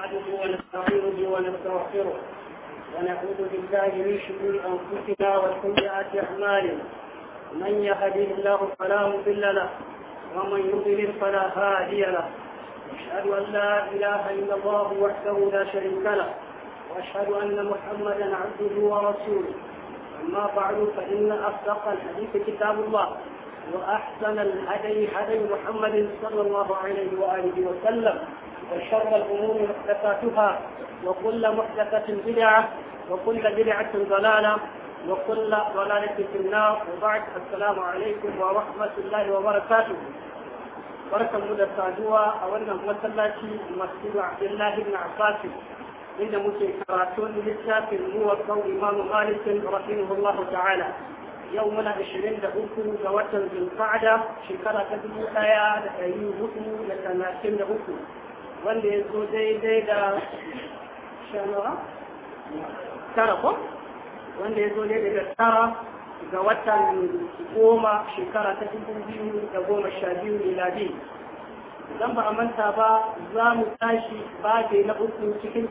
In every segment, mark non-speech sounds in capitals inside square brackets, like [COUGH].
نحمده ونستعينه ونستغفره ونعوذ بالله من شرور انفسنا وسيئات اعمالنا من يهده الله فلا مضل له ومن يضلل فلا هادي له اشهد ان لا اله الا الله وحده لا شريك له واشهد ان محمدا عبده ورسوله اما بعد فان اصدق الحديث كتاب الله واحسن الهدي هدي محمد صلى الله عليه واله وسلم وشر الأمور محدثاتها وكل محدثة بدعة وكل بدعة ضلالة وكل ضلالة في النار وبعد السلام عليكم ورحمة الله وبركاته. بركة مدة ساجوة أولا مسلتي مسجد عبد الله بن عباس إن مسيكراتون للشافي الموقع إمام مالك رحمه الله تعالى. يومنا 20 دقيقة جواتا بالقعدة شكرا كتبوا آيات أي مسلم لتناسين دقيقة. wanda ya zo daidai da shanuwa tara ko wanda ya zo daidai da tara ga watan goma shekara ta dubu biyu da goma sha biyu miladi idan ba a manta ba za mu tashi babe na uku cikin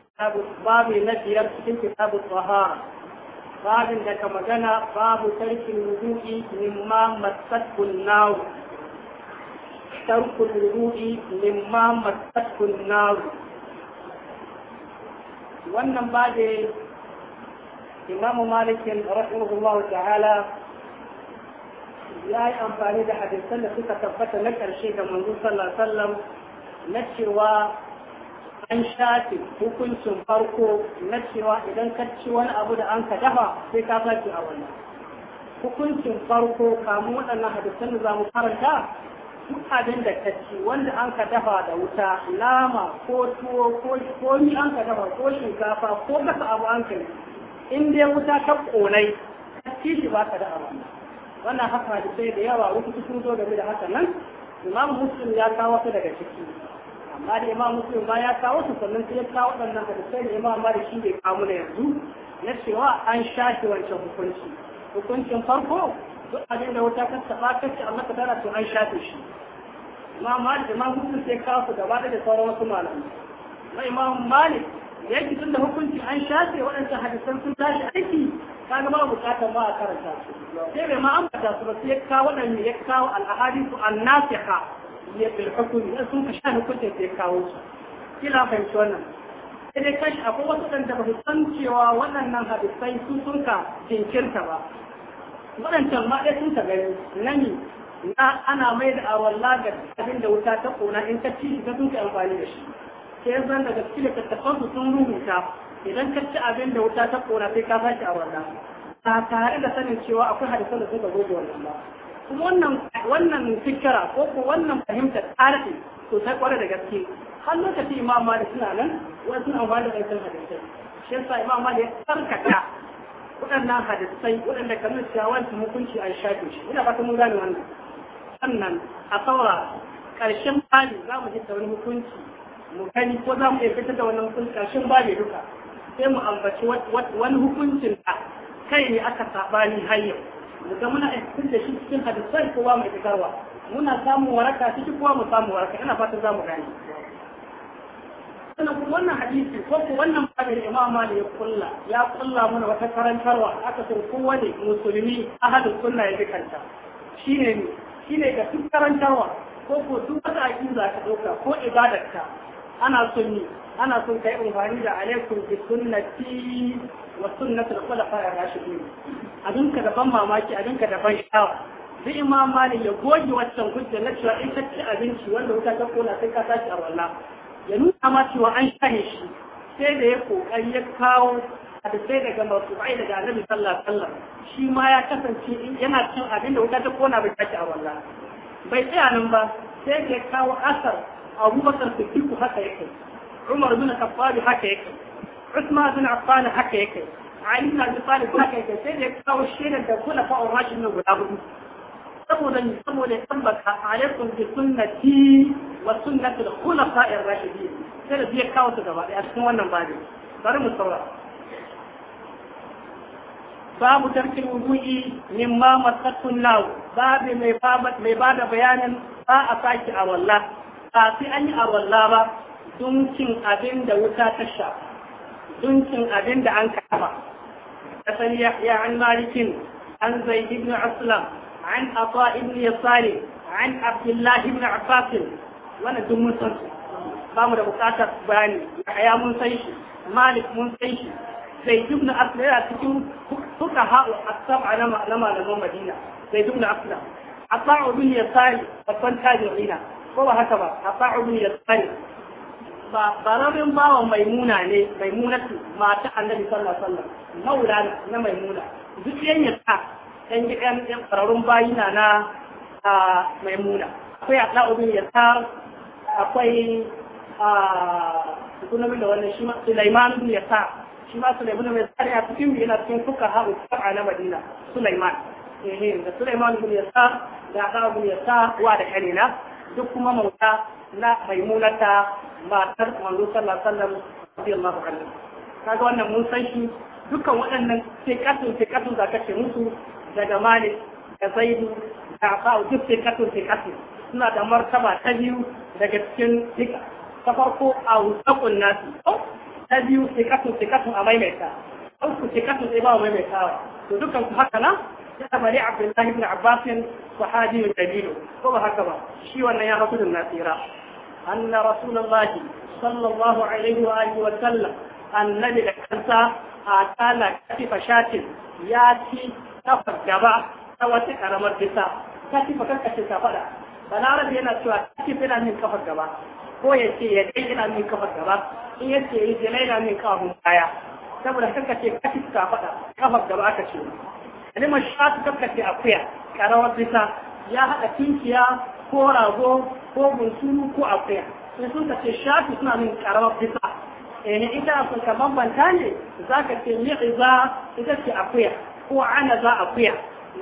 babe na biyar cikin kitabu babin da magana babu tarkin wudu'i mimma masakun nawu ترك الوضوء مما مسته النار wannan ba da imamu malikin rahimahullahu ta'ala ya yi amfani da hadisan da suka tabbata na ƙarshe ga manzo sallallahu na cewa an shafi hukuncin farko na cewa idan ka ci wani abu da an ka dafa sai ka sake a wannan hukuncin farko kamun waɗannan hadisan da za mu karanta duk abin da ka wanda an ka dafa da wuta nama ko tuwo ko komi an ka dafa ko shinkafa ko kasa abu an ka in wuta ta konai ka ci shi ba ka da abu wannan haka sai da yawa wasu su zo da da haka nan imam muslim ya kawo su daga ciki amma da imam muslim ma ya kawo su sannan sai ya kawo waɗannan sai da imam malik shi bai kawo na yanzu na cewa an shafe wancan hukunci hukuncin farko duk abin da wuta ta taɓa kace amma ka tara to an shafe shi imam malik imam hukuncin sai kafu gaba da sauran wasu malamai na imam malik ya yi tun da hukunci an shafe waɗansu hadisan sun tashi aiki ka ga ba bukatar ba a karanta su sai bai ma ambata su ba sai ka waɗanne ya kawo al'ahadisu annasiha ya bil hukumi dan sun ka sha hukuncin sai kawo su kila fahimci wannan sai dai kashi akwai wasu ɗanda ba su san cewa waɗannan hadisai sun sun ka jinkirta ba waɗancan ma ɗaya sun ka gani na nani na ana mai da awalla ga abin da wuta ta kona in ka ci ka duka amfani da shi Ke yanzu daga cikin littattafan su sun rubuta idan ka ci abin da wuta ta kona sai ka sake awalla ba tare da sanin cewa akwai hadisan da suka zo da wannan ba kuma wannan wannan fikira ko ko wannan fahimtar tarihi to sai kware da gaske har lokacin imam malik suna nan wani suna amfani da wannan hadisai shi yasa imam malik ya tsarkaka waɗannan hadisai waɗanda kamar cewa wani hukunci an shafe shi ina ta mun gane wannan sannan a saura ƙarshen bali za mu hita wani hukunci mu gani ko za mu iya fitar da wani hukunci ƙarshen bali duka sai mu ambaci wani hukuncin da kai ne aka saba har yau mu ga muna aikin da shi cikin hadisai ko ba mu fitarwa muna samun waraka ciki kowa mu samun waraka ina fatan za mu gani sannan kuma wannan hadisi ko ku wannan babin Imam Malik ya kulla ya kulla mana wata karantarwa aka ce kowane musulmi ahadin sunna ya kanta shine ne shi ne ga duk karantarwa ko ko duk wata za ka ɗauka ko ibadarka ana son ni ana son kai amfani da alaikum bi sunnati wa sunnati al-khulafa ar-rashidin abin ka da ban mamaki abin ka da ban sha'awa Zai imam ya goge wancan hujja na cewa in ka ci abinci wanda wuta ta kona sai ka tashi a walla ya nuna ma cewa an shahe shi sai da ya kokari ya kawo hadisai daga masu masu'ai daga annabi sallallahu alaihi wasallam shi ma ya kasance yana cin abin da wuta ta kona bai tashi a wallah bai tsaya nan ba sai ya kawo asar abubakar siddiq haka yake umar bin khattab haka yake usman bin affan haka yake ali bin abi talib haka yake sai ya kawo shirin da kula fa'ur rashin nan guda hudu saboda ni saboda ya tambaka alaikum bi sunnati wa sunnati al-khulafa'ir rashidin sai da ya kawo su gaba a cikin wannan bani bari mu saurara babu tarkin wudu'i mimma masattun naw babu mai mai bada bayanin ba a saki a walla ba sai an yi a walla ba dunkin abin da wuta ta sha dunkin abin da an kama kasan ya an malikin an zai ibn aslam an afa ibn yasari an abdullahi ibn abbas wannan duk mun san ba mu da bukatar bayani ya mun san shi malik mun san shi sai dubna aslam yana cikin suka ha'u asaba na malaman madina sai dubna ibn aslam asa'u bin yasari babban tabi'ina ko ba haka ba asa'u bin yasari ba bararin bawan maimuna ne maimunatu mata annabi sallallahu alaihi wasallam na maimuna duk yan yasa yan yan yan bararun bayina na maimuna akwai asa'u bin yasar akwai a sunan da wannan shi ma Sulaiman bin ya Yasar shi ma Sulaiman mai tsari a cikin yana cikin fuka haɗu a na Madina Sulaiman eh, da Sulaiman bin Yasa da Aka bin Yasa wa da kanina duk kuma mauta na maimunata matar manzo sallallahu alaihi wasallam radiyallahu anhu kaga wannan mun san shi dukkan waɗannan sai kasu sai kasu za ka ce musu daga Malik da Zaidu da Aka duk sai kasu sai kasu suna da martaba ta biyu daga cikin duka ta farko a wutsakun nasu ta biyu sikatun sikatun a maimaita ɗauku sikatun sai ba maimaitawa to dukkan ku haka nan ya tabari abdullahi ibn abbasin sahabiyun dalilu ko ba haka ba shi wannan ya hasu na tsira أن رسول الله صلى الله عليه وآله وسلم النبي لكنسا أتانا كتف شات ياتي كفر جبا توتي أرمر بسا كتف كتف كفر بلا ربي أنا شوى كتف أنا من كفر جبا هو يتي يدي أنا من كفر جبا in yace yi jira yana min kawun baya saboda kanka ce kafi ka faɗa kafar da ba aka ce kalimar shafi kanka ce akuya karawar bisa ya haɗa kinkiya ko rago ko bunsuru ko akuya sai sun ka ce shafi suna min karawar bisa eh ita sun ka bambanta ne za ka ce mi'iza ita ce akuya ko ana za akuya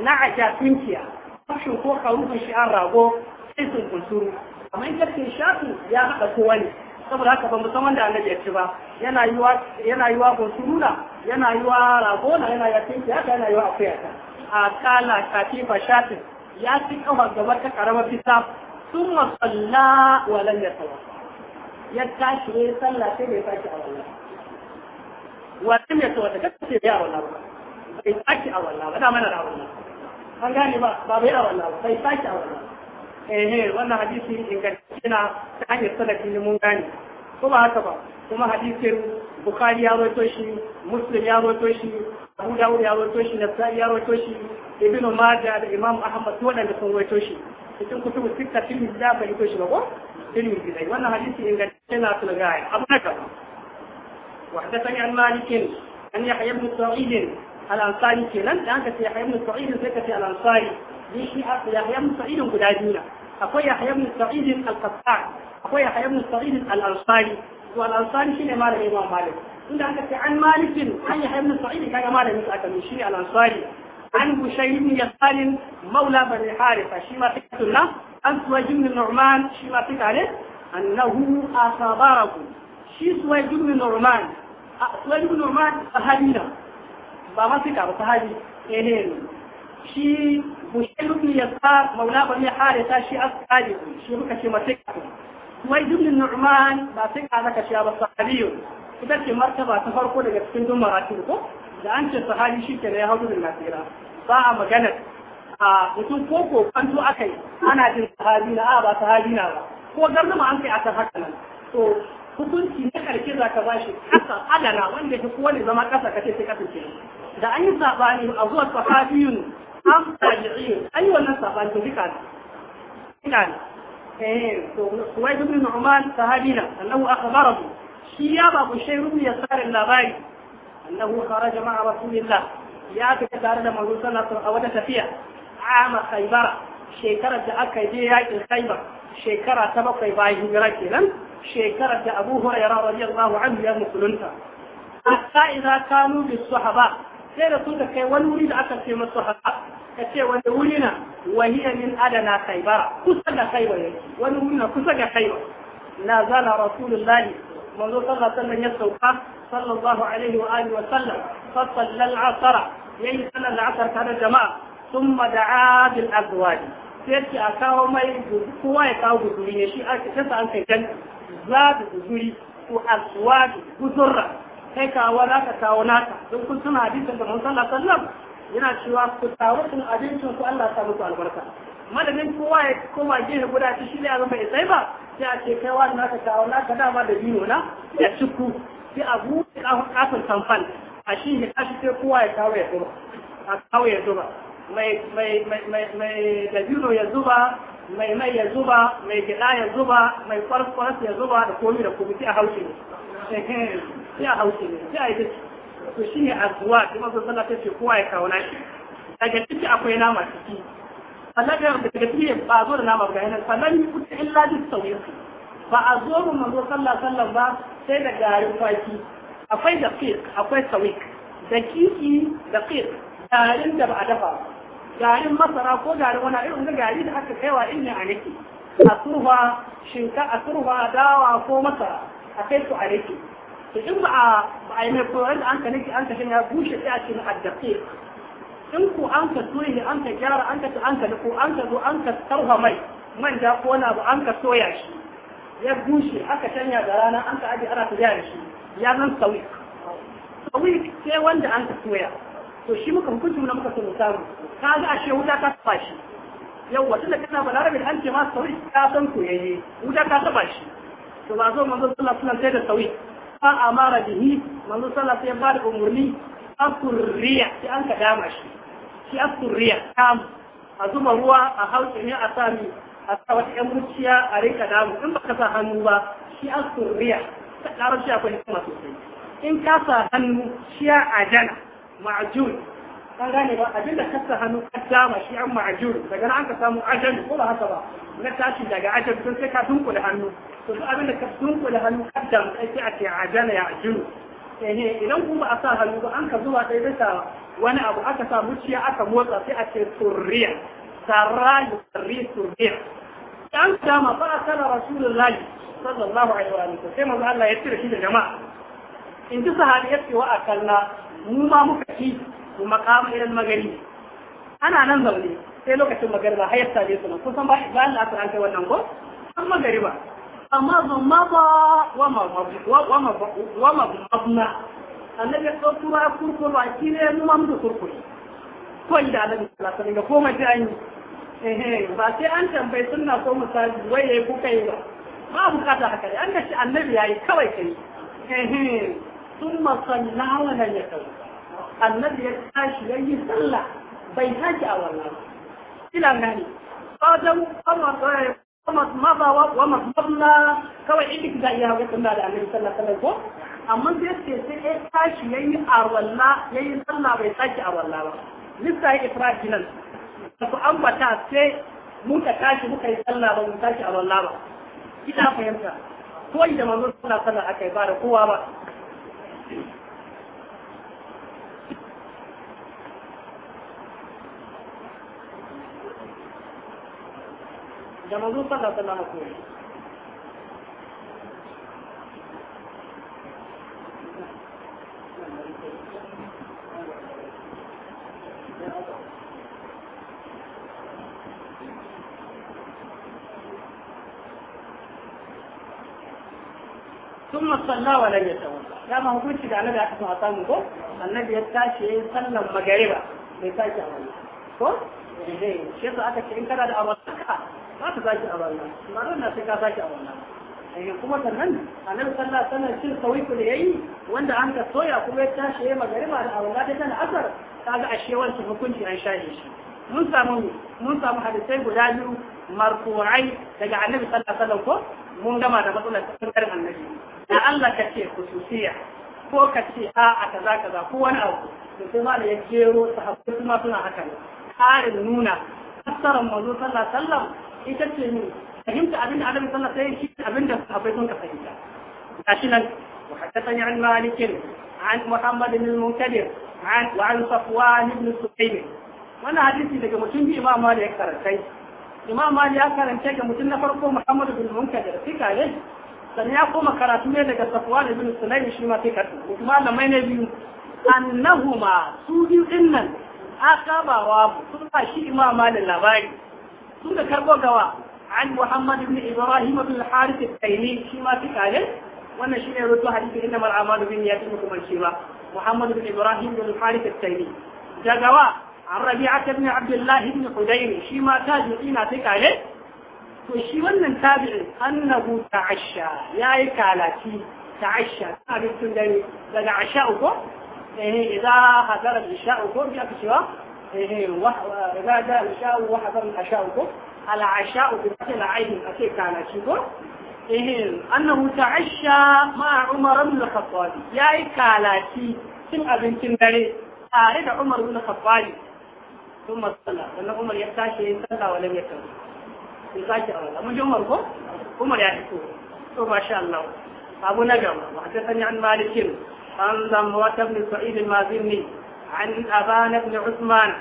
na aja kinkiya kashin ko karufin shi an rago sai sun bunsuru amma in ka ce shatu ya haɗa kowa ne saboda haka ba musamman da annabi ya ci ba yana yi wa yana yi wa gonsuruna yana yi wa ragona yana yi wa tinki haka yana yi wa akuyata a kala katifa shatin ya ci kafa gaba ta karama fita sun masalla wa lan ya tawa ya tashi ne sallah sai bai tashi a wallah wa lam ya tawa daga ce bai a wallah ba bai tashi a wallah ba da mana da wallah an gane ba ba bai a wallah ba bai tashi a wallah Ehe wannan hadisi ingantacce ta hanyar salafi ne mun gane ko ba haka ba kuma hadisin bukhari ya rawaito shi muslim ya rawaito shi abu dawud ya rawaito shi nasa'i ya rawaito shi ibn majah da imam ahmad wadanda sun rawaito shi cikin kutubu sikka tilmi da bai rawaito shi ba ko tilmi da wannan hadisi ingantacce na sun gane abu na gaba وحدثني عن مالك عن يحيى بن سعيد الانصاري كيلان لانك يحيى بن سعيد زكتي الانصاري shi Yahya guda biyu na akwai Yahya al-Qattan akwai al-Ansari to al-Ansari shine malamin Imam Malik inda aka ce an malikin an Yahya ibn kaga malamin sa aka al-Ansari mun kai rukun ya sa maula ba mai hare ta shi as kali shi muka ce mace ka kuma ibn nu'man ba sai ka zaka shi ba sahabiyyu kuma ce martaba ta farko daga cikin dun maratu ko da an ce sahabi shi ke da ya hadu da nasira ba a magana a mutum ko ko kwanto akai ana jin sahabi na a ba sahabi na ba ko garzuma an kai akan haka nan to hukunci na karshe za ka bashi kasa adana wanda duk wani zama kasa ka ce sai kasance da an yi zaɓani a zuwa sahabiyun an tabi'i an yi wannan sabani to duka ne duka ne eh to kuwa ibn Nu'man sahabina annahu akhbarahu shi ya ba ku shay rubu ya tsare labari annahu kharaja ma'a rasulillah ya fita tare da manzo sallallahu alaihi a wata tafiya ama khaybara shekarar da aka je yakin khaybar shekara ta bakwai bayan hijira kenan shekarar da Abu Hurairah radiyallahu anhu ya musulunta hatta idza kanu bis sahaba sai da suka kai wani wuri da aka ce masu haka ka ce wani wuri na wahiyar min adana kaibara kusa da kaibar yake wani wuri na kusa ga kaibar na zana rasulullahi manzo sallallahu sallan ya sauka sallallahu alaihi wa alihi wa sallam fasallal asara yayi sallar da asar tare jama'a thumma da'a bil azwaj sai ce a kawo mai kowa ya kawo guduri ne shi ake kasa an kai kan za da guduri ko azwaj gudurra kai kawo za ka kawo naka don kun suna hadisin da manzo sallallahu alaihi wa sallam yana cewa ku samu sun abincin ku Allah ta muku albarka madadin kowa ya koma gehe guda ta shi ne a zama isai ba sai a ce kai wani naka kawo naka dama da bino na ya cikku sai a buɗe kafin tamfan a shi ne shi sai kowa ya kawo ya zuba a kawo ya zuba mai mai mai mai da bino ya zuba mai mai ya zuba mai gida ya zuba mai kwarkwars ya zuba da komi da komi sai a haushi ne [LAUGHS] sai a haushi ne sai a yi to shine azwa kuma zo ta ce kowa ya kawo nashi daga ciki akwai nama ciki sannan daga ciki ba a zo da nama ga yanar sannan yi kuta illa duk sauyi ba a zo mu mazo sallah sallan ba sai da garin kwaki akwai da fiq akwai sauyi da kiki da fiq garin da ba a dafa garin masara ko garin wani irin ga gari da aka kaiwa ne a nake a turba shinka a turba dawa ko masara a kai su a nake to in ba a yi mai koyar da an ka nake an ka shan ya bushe sai a cikin addaƙi in ku an ka soya ne an ka gyara an ka an ka ko an ka zo an ka tarwa mai manja ko wani abu an ka soya shi ya bushe aka shanya da rana an ka aje ana ta gyara shi ya zan sauyi sauyi sai wanda an ka soya to shi muka hukunci na muka so samu ka ga ashe wuta ta taba shi yawwa tunda kana balarabe an ce ma sauyi ka san koyayye wuta ta taba shi to ba zo manzo sallallahu alaihi wasallam sai da sauyi a amara bihi manzo sallallahu alaihi wasallam ya umurni akurriya shi an ka dama shi shi akurriya kam a zuba ruwa a hauke ne a sami a sa wata yan muciya a rika damu in baka sa hannu ba shi akurriya ta shi akwai hikima sosai in ka sa hannu shi a ajana ma'jun an gane ba abinda ka sa hannu ka dama shi an ma'ajur daga nan an ka samu ajal ko ba haka ba na tashi daga ajal sun sai ka dunkule hannu to duk abinda ka dunkule hannu ka dama sai a ce ajala ya ajuru eh idan kuma a sa hannu ba an ka zuwa sai bisa wani abu aka sa muciya aka motsa sai a ce surriya sarra yurri surriya an dama fa asala rasulullahi sallallahu alaihi wa sallam sai manzo Allah ya tsira shi da jama'a in ji sahabi ya ce wa akalla mu ma muka ci kuma kama irin magani ana nan zaune sai lokacin magariba har yasta ne su kusan ba ba Allah asar an kai wannan go har magariba amma zumma ba wa ma wa wa ma mabna annabi ya dauko ruwa kurkuru a kire mu ma mu kurkuru ko inda annabi sallallahu ga koma ji an yi ba sai an tambayi suna ko misali wai yayi kuka yi ba ba bukata haka an ga shi annabi ya yi kawai kai sun masalla wa nan ya tauba annabi ya tashi ya yi sallah bai tashi a wannan ina gani fadau kamas eh, maza wa masmabna kawai inda ka iya wajen da annabi sallah sallah ko amma sai ce sai ya tashi ya yi a walla ya yi sallah bai tashi a walla ba lissa ya ifraki nan wato an bata sai muka tashi muka yi sallah ba mu tashi a walla ba ina fahimta ko idan manzon sallah sallah akai ba da kowa ba da manzo sallallahu alaihi wasallam ko ثم صلى ولم يتوضا كما هو كنت da annabi aka san samu ko annabi ya tashi yayin sallan magariba bai tashi a wannan ko eh shi aka ce in kana da abu za ta sake a banza ba ran na sai ka sake a banza eh, kuma sannan annabi sallallahu alaihi wasallam cin sawiku da yayi wanda an ka soya kuma ya tashi yayi magariba da abin ta tana asar kaga ashe wancan hukunci an shaye shi mun samu mun samu hadisai guda biyu marfu'ai daga annabi sallallahu alaihi ko mun gama da matsalar tsarin annabi da Allah ka ce khususiya ko ka ce a a kaza kaza ko wani abu to sai ma da ya jero sahabbai kuma suna haka ne karin nuna fassarar manzo sallallahu alaihi wasallam ita ce ne fahimta abin da adam sallah sai shi abin da sahabbai sun ka fahimta gashi nan wa hadathani an malikin an muhammad bin munkadir an wa an safwan ibn sufyan wannan hadisi daga mutum bi imam malik ya karantai imam malik ya karanta ga mutum na farko muhammad bin munkadir fika kare. sannan ya koma karatu ne daga safwan ibn sufyan shi ma fika kuma malamai ne biyu annahuma su biyu dinnan akabawa sun ba shi imam malik labari sun da karɓo gawa an Muhammad ibn Ibrahim ibn Harith al-Taymi shi ma fika kare wannan shine rutu hadisi inna mal amalu bin ya kuma shi ba Muhammad ibn Ibrahim ibn Harith al-Taymi dagawa an Rabi'a ibn Abdullah ibn Hudayr shi ma tabi'i na fika kare to shi wannan tabi'in annahu ta'asha yayi kalaci ta'asha abin tun dare daga asha ko eh idan hadara isha uku bi aka cewa إذا جاء العشاء وحضر العشاء العشاء بمثل عين أكيد كان شيء أنه تعشى مع عمر بن الخطاب يا كالاتي كم أبن كندري أريد عمر بن الخطاب ثم صلى لأن عمر يحتاج يصلى ولم يكن يحتاج أولا من عمر هو عمر يعرفه ما شاء الله أبو نجم وحدثني عن مالك عن زمرة بن سعيد المازني عن أبان بن عثمان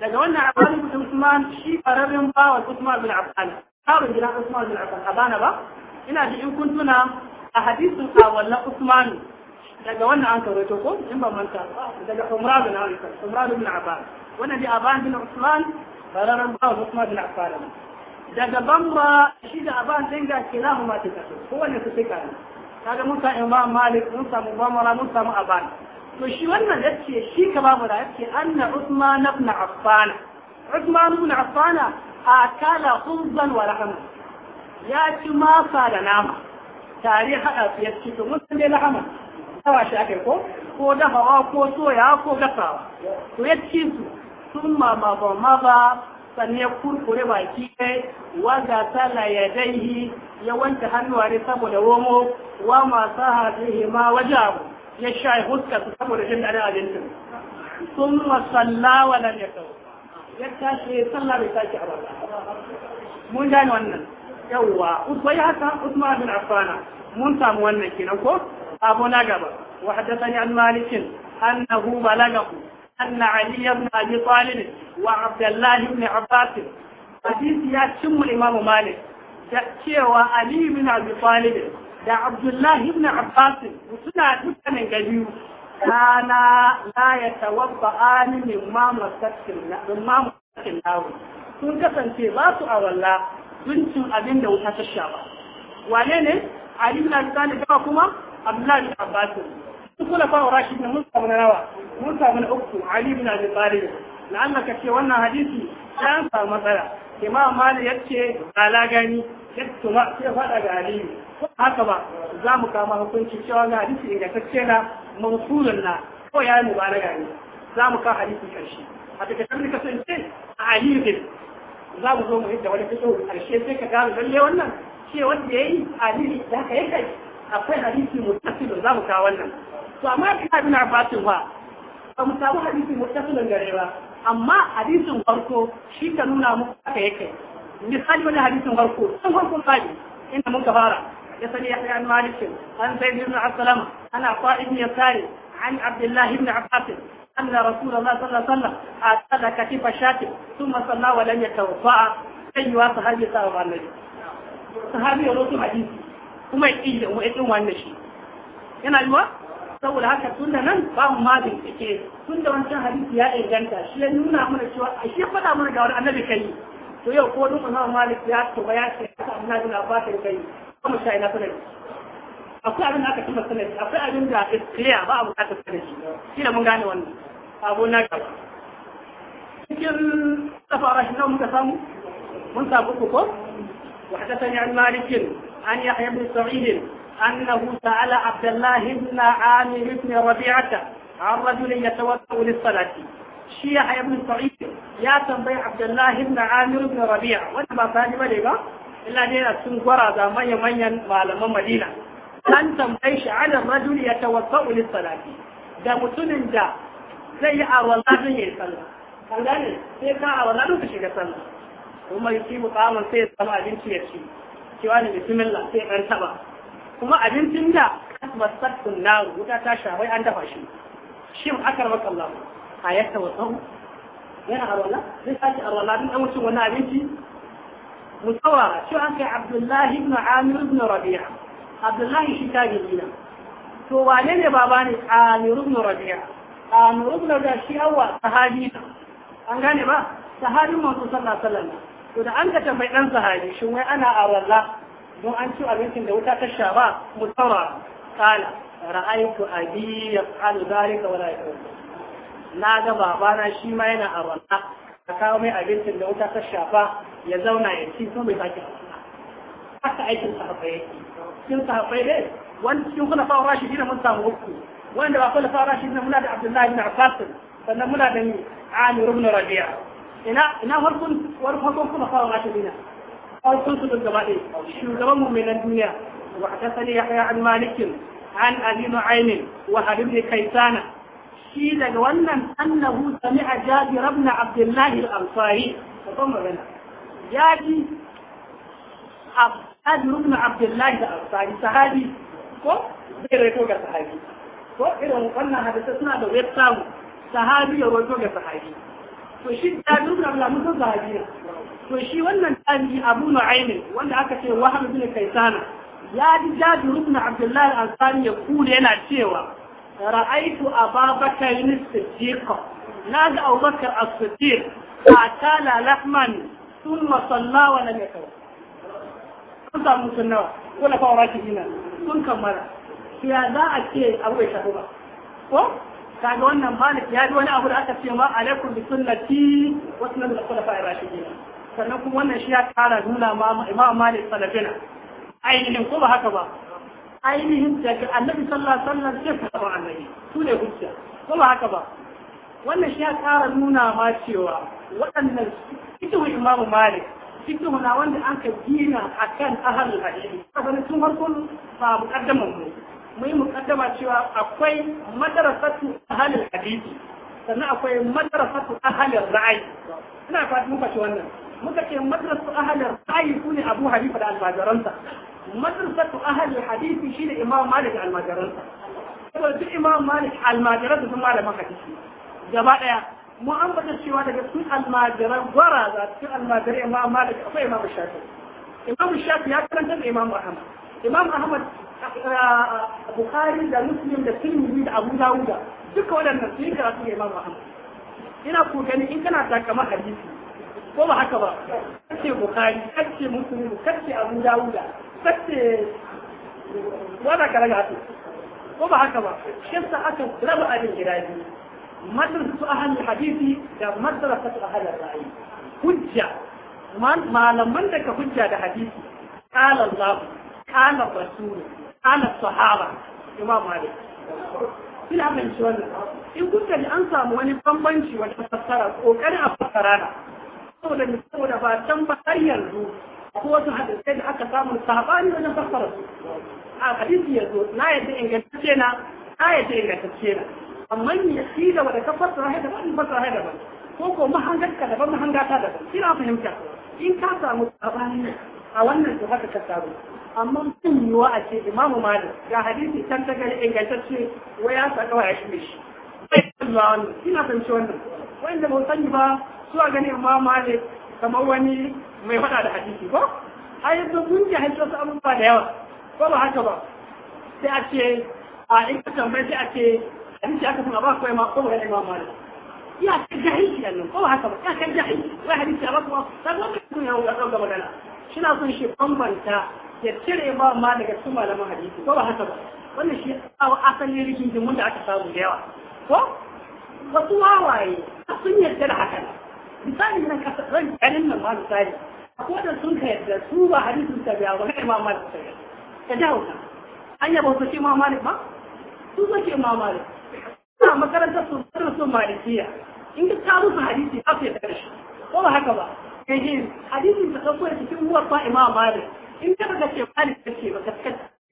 daga wannan abin da shi fararren bawa Usman bin Affan ba ina ji in kun tuna a Usman daga wannan an karoto ko in ba manta daga Umar bin wannan bi aban bin daga Bamra shi da aban din ga kilahu ma take ko wanne su take kaga mun sa Imam Malik mun samu Bamra mun aban to shi wannan yace shi ka babu da yace anna usman ibn affan usman ibn affan akala khubzan wa lahama ya ci masa da nama tare hada su yace to mun san dai lahama tawa shi akai ko ko hawa ko soya ko gasawa to yace su sun ma ba ma ba sannan kurkure baki dai wa ga tala ya dai ya wanke hannuwa ne saboda romo wa masu hadihi ma wajabu ya shaye huska su saboda jin daɗin abincin sun masalla wa nan ya kawo ya tashi ya sallah bai tashi a baka mun gane wannan yawwa usman ya haka usman bin affana mun samu wannan kenan ko abu na gaba wa haddathani an malikin annahu balagahu anna ali ibn abi talib wa abdullah ibn abbas hadisi ya cimma imamu malik cewa ali ibn abi talib da Abdullahi ibn Abbas suna dukkanin gani kana la ya tawabba ani min ma masakin na min ma masakin lawo sun kasance ba su a walla sun cin abin da wuta ta sha ba wane ne Ali ibn Abi Talib da kuma Abdullahi ibn Abbas su kula fa Rashid ibn Musa ibn Rawa Musa ibn Uktu Ali ibn Abi Talib la'anna kace wannan hadisi ya samu matsala imam Malik yace ala gani yace ma sai faɗa ga Aliyu haka ba za mu kama hukunci cewa na hadisi ingantacce na mansurin na ko ya yi mubaraga ne za mu kawo hadisi karshe a takaitar da kasance a alibin za mu zo mu yadda wani fito karshe sai ka gano lalle wannan ce wanda ya yi alibin da haka ya kai akwai hadisi mutasilin za mu kawo wannan to amma da ina bin arbatin ba ba mu samu hadisi mutasilin gare ba amma hadisin farko shi ka nuna muku haka ya kai misali wani hadisin farko sun farko fadi ina mun ka fara يسأل يحيى عن مالك عن زيد بن عبد السلام عن عطاء بن يسار عن عبد an بن عباس أن رسول الله صلى الله عليه وسلم أعتاد كتف شاة ثم صلى ولم يتوفى أيها صحابي صلى الله عليه وسلم صحابي يروتو حديثي kuma ya ƙi wa ya wannan shi yana yiwa saboda haka tun da nan ba mu ma bincike tun da wancan hadisi ya inganta shi ya nuna mana cewa a shi faɗa mana ga wani annabi kai to yau ko dukkan hawa malik ya tuba ya ce ka annabi na ba ta kai كم شاينا تنين أقلع من هكا كم السنة أقلع من ذا إسقلع بعض هكا السنة كلا من غاني وانا أبو ناقل لكن تفارح نوم تفهم من تابقكم وحدثني عن مالك عن يحيى بن سعيد أنه سأل عبد الله بن عامر بن ربيعة عن رجل يتوضأ للصلاة شيخ يا ابن سعيد يا تنبي عبد الله بن عامر بن ربيعة وانا ما فاهم ليه Ina dai na gwara za manya-manyan malaman madina an tambayi shi ana rajul ya tawassa ulis salati da mutumin da zai yi arwala don ya yi sallah an gane sai ka arwala don ka shiga sallah kuma yi ci mukamin sai ya samu abinci ya ci cewa ne bismillah sai ɗan taba kuma abincin da masar kunna wuta ta shawai an dafa shi shin akar maka Allah a yadda wasu yana arwala zai sake arwala don ɗan wucin wani abinci musawara shi an kai abdullahi ibn amir rabi'a abdullahi shi tabi'i na to wane ne baba ne amir rabi'a amir ibn rabi'a shi awwa sahabi an gane ba sahabin manzo sallallahu alaihi wasallam to da an ka tambayi dan sahabi shin wai ana awalla don an ci abincin da wuta ta sha ba musawara kala ra'aytu abi yaf'alu dhalika wa na ga babana shi ma yana awalla a kawo mai abincin da wuta ta shafa ya zauna ya ci ko mai sake haka aikin sahabbai yake cikin sahabbai ne wani cikin kuna fara rashi ne mun samu uku wanda ba kula fara rashi ne muna da Abdullahi bin Abbas sannan muna da ni Amir ibn Rabi'a ina ina farkon farkon kuna fara rashi ne farkon su gaba ɗaya shugaban mu'minan duniya wa hadathani yahya an malik an abi nu'aym wa habib kaytana shi daga wannan annahu sami'a jabir ibn abdullahi al-ansari ko magana ya ji abdul ibn abdullahi al-ansari sahabi ko zai rawaito ga sahabi ko irin wannan hadisi suna da wayar samu sahabi ya rawaito ga sahabi to shi jabir ibn abdullahi mutum sahabi ne to shi wannan tabi'i abu nu'aymin wanda aka ce wahab ibn kaisana ya ji jabir ibn abdullahi al-ansari ya kula yana cewa رأيت أبا بكر الصديق نادى أبو بكر الصديق أكل لحما ثم صلى ولم يكوى كنت أبو سنة ولا فوراك هنا كن كمرة في هذا أكيد أبو بكر هو و كان وانا مالك يا دوانا أبو رأك سيما عليكم بسنتي وسنة الخلفاء الراشدين سنكون وانا شيئا كارا نولا إمام مالك صلى الله عليه وسلم أي من قبها كبار ainihin daga annabi sallallahu alaihi wasallam sai fatawa annabi su ne hujja Kuma ba haka ba wannan shi ya kara nuna ma cewa waɗannan fitu imamu malik fitu na wanda an ka gina a kan ahalin hadisi kafin tun farkon ba muqaddama mu mu yi muqaddama cewa akwai madrasatu ahlul hadisi sannan akwai madrasatu ahlul ra'ayi ina fatan muka ci wannan muka ce madrasatu ahlul ra'ayi sune abu hanifa da almajiransa madrasatu ahli hadisi shine imam malik almajaransa saboda duk imam malik da almajaransa da malaman hadisi gaba daya mu an bada cewa daga cikin almajiran gwara za cikin almajiran imam malik akwai imam shafi imam shafi ya karanta da imam ahmad imam ahmad bukhari da muslim da tirmidhi da abu dawuda duka waɗannan sun yi karatu da imam ahmad ina ko gani in kana takama hadisi kuma haka ba kace bukari kace muslim kace abu dauda kace wanda kare ga haka kuma haka ba shin sa aka raba abin gidaje su ahli hadisi da madrasatu ahli ra'ayi hujja malaman da ka hujja da hadisi qala Allah qala rasul qala sahaba imam malik ina shi wannan in kuka ji an samu wani bambanci wani fassara kokarin a fassara na saboda mu saboda ba can ba har yanzu ko wasu hadisai da aka samu sabani wajen fassara su a hadisi yanzu na yadda ingantacce na na yadda ingantacce na amma ni ya shi da wanda ka fassara haida ba in fassara haida ba ko ko mahangarka daban mahangata daban shi na fahimta in ka samu sabani a wannan to haka ka samu amma sun yiwa a ce imamu malik ga hadisi can ta gari ingantacce wai ya saka wa ya shi bai Allah ina fahimci wannan wanda ba sani ba suwa ganin ma malik kamar wani mai fada da hadisi ko ai yanzu mun ji haifar su abubuwa da yawa ko ba haka ba sai a ce a in ka tambaye sai a ce hadisi aka sun ba ko ma ko wani ma malik ya ce jahilci annan ko ba haka ba ya ka jahilci wai hadisi ba kuma sai ba mun yau ga ga magana shina son shi bambanta ya cire ma ma daga cikin malaman hadisi ko ba haka ba wannan shi a asalin rikin jimun da aka samu da yawa ko wasu wawaye sun yarda da haka misali na kasa ran kanin nan ma misali akwai da sun ka yadda su ba hadisin biya ba kai ma ta tabi'a ka dawo ka an yaba su ce ma malik ba su so ce ma malik suna makarantar su suna so malikiya in ka taru musu hadisi ba su yadda shi ko ba haka ba kai ji hadisin ka ɗauko ya cikin uwar fa imam malik in ka ka ce malik ka ce ba ka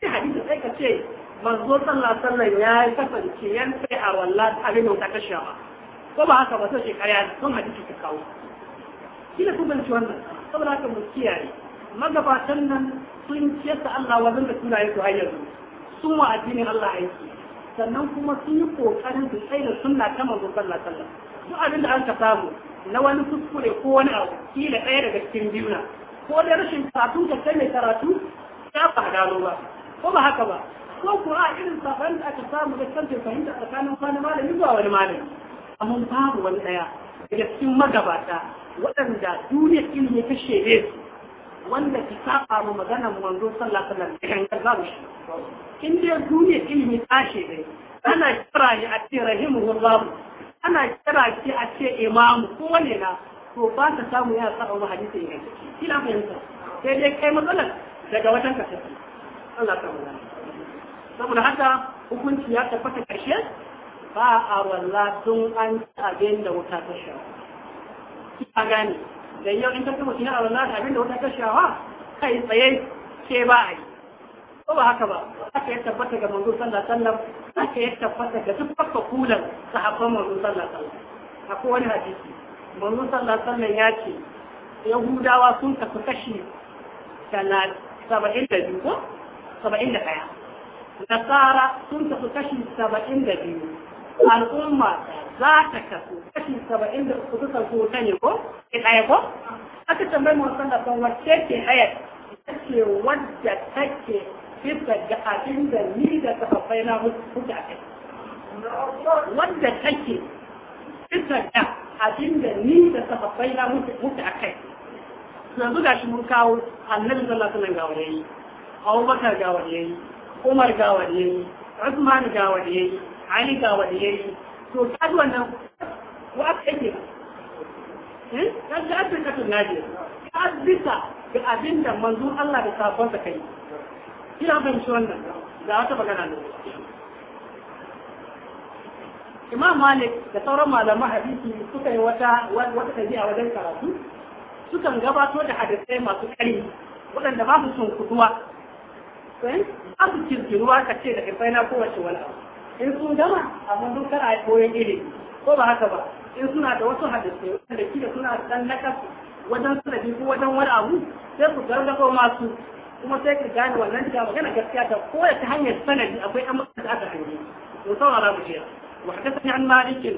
ce hadisin sai ka ce manzo sallah sallah ya yi kasance yan sai a wallah abin da ta kashe ba ko ba haka ba sai shi karya sun hadisi ka kawo kila kuma banci wannan saboda haka mu kiyaye magabatan nan sun ciyarta Allah wajen da sunaye su har yanzu sun wa addinin Allah aiki sannan kuma sun yi kokarin su tsaye da sunna ta manzo sallallahu alaihi wasallam duk abin da an ka samu na wani kuskure ko wani abu kila ɗaya daga cikin biyu na ko da rashin karatu ka kai mai karatu ya ba gano ba ko ba haka ba ko kuma irin sabanin da aka samu da kanta fahimta tsakanin kwana malami zuwa wani malami amma babu wani ɗaya daga cikin magabata waɗanda duniyar ilimi ta shere su wanda ki saba mu maganar manzo sallallahu alaihi wasallam kan gaza shi in duniya duniyar ilimi ta shere ana kira shi a ce rahimahullahu ana kira shi a ce imamu ko wane na to ba ta samu ya saba mu hadisi ne kila fahimta sai dai kai matsalar daga watan ka tafi Allah ta mu saboda haka hukunci ya tabbata karshe ba a walla tun an abin da wuta ta shawa a gane da yau in ka mutum shi a walla abin da wuta ta shawa kai tsaye ce ba a yi ko ba haka ba aka ya tabbata ga manzo sallallahu alaihi wasallam haka ya tabbata ga duk fakka kulan sahabban manzo sallallahu alaihi wasallam akwai wani hadisi manzo sallallahu alaihi wasallam ya ce yahudawa sun tafi kashi saba'in da biyu ko saba'in da ɗaya nasara sun tafi kashi saba'in da biyu al'umma za ta kasu kashi saba'in da uku suka su ta ne ko ke ɗaya ko aka tambayi mu sanda kan wacce ke ɗaya ita ce wadda take bisa ga abin da ni da sahabbai na muke a kai wadda take bisa ga abin da ni da sahabbai na muke a kai yanzu ga shi mun kawo annabi sallallahu alaihi wasallam ga wani Abubakar ga wani Umar ga wani Usman ga wani halika wa iyayi to ta ji wannan ko aka ba. Hmm? ka ga afirka tun naje ka bisa ga abin da manzo Allah da safonsa kai ina fahimci wannan ga wata magana ne Imam Malik da sauran malaman hadisi suka yi wata wata tabi'a wajen karatu sukan gabato da hadisai masu kari waɗanda ba su sun kuduwa ba su kirkiruwa ka ce da kai na kowace wani abu in sun gama amma duk a koyon ilimi ko ba haka ba in suna da wasu hadisai wanda kila suna dan nakas wajen sanadi ko wajen wani abu sai ku garga ko masu kuma sai ka gane wannan da magana gaskiya ta ko ta hanyar sanadi akwai an masa da aka hange to saurara mu jira wa hadathani an malikin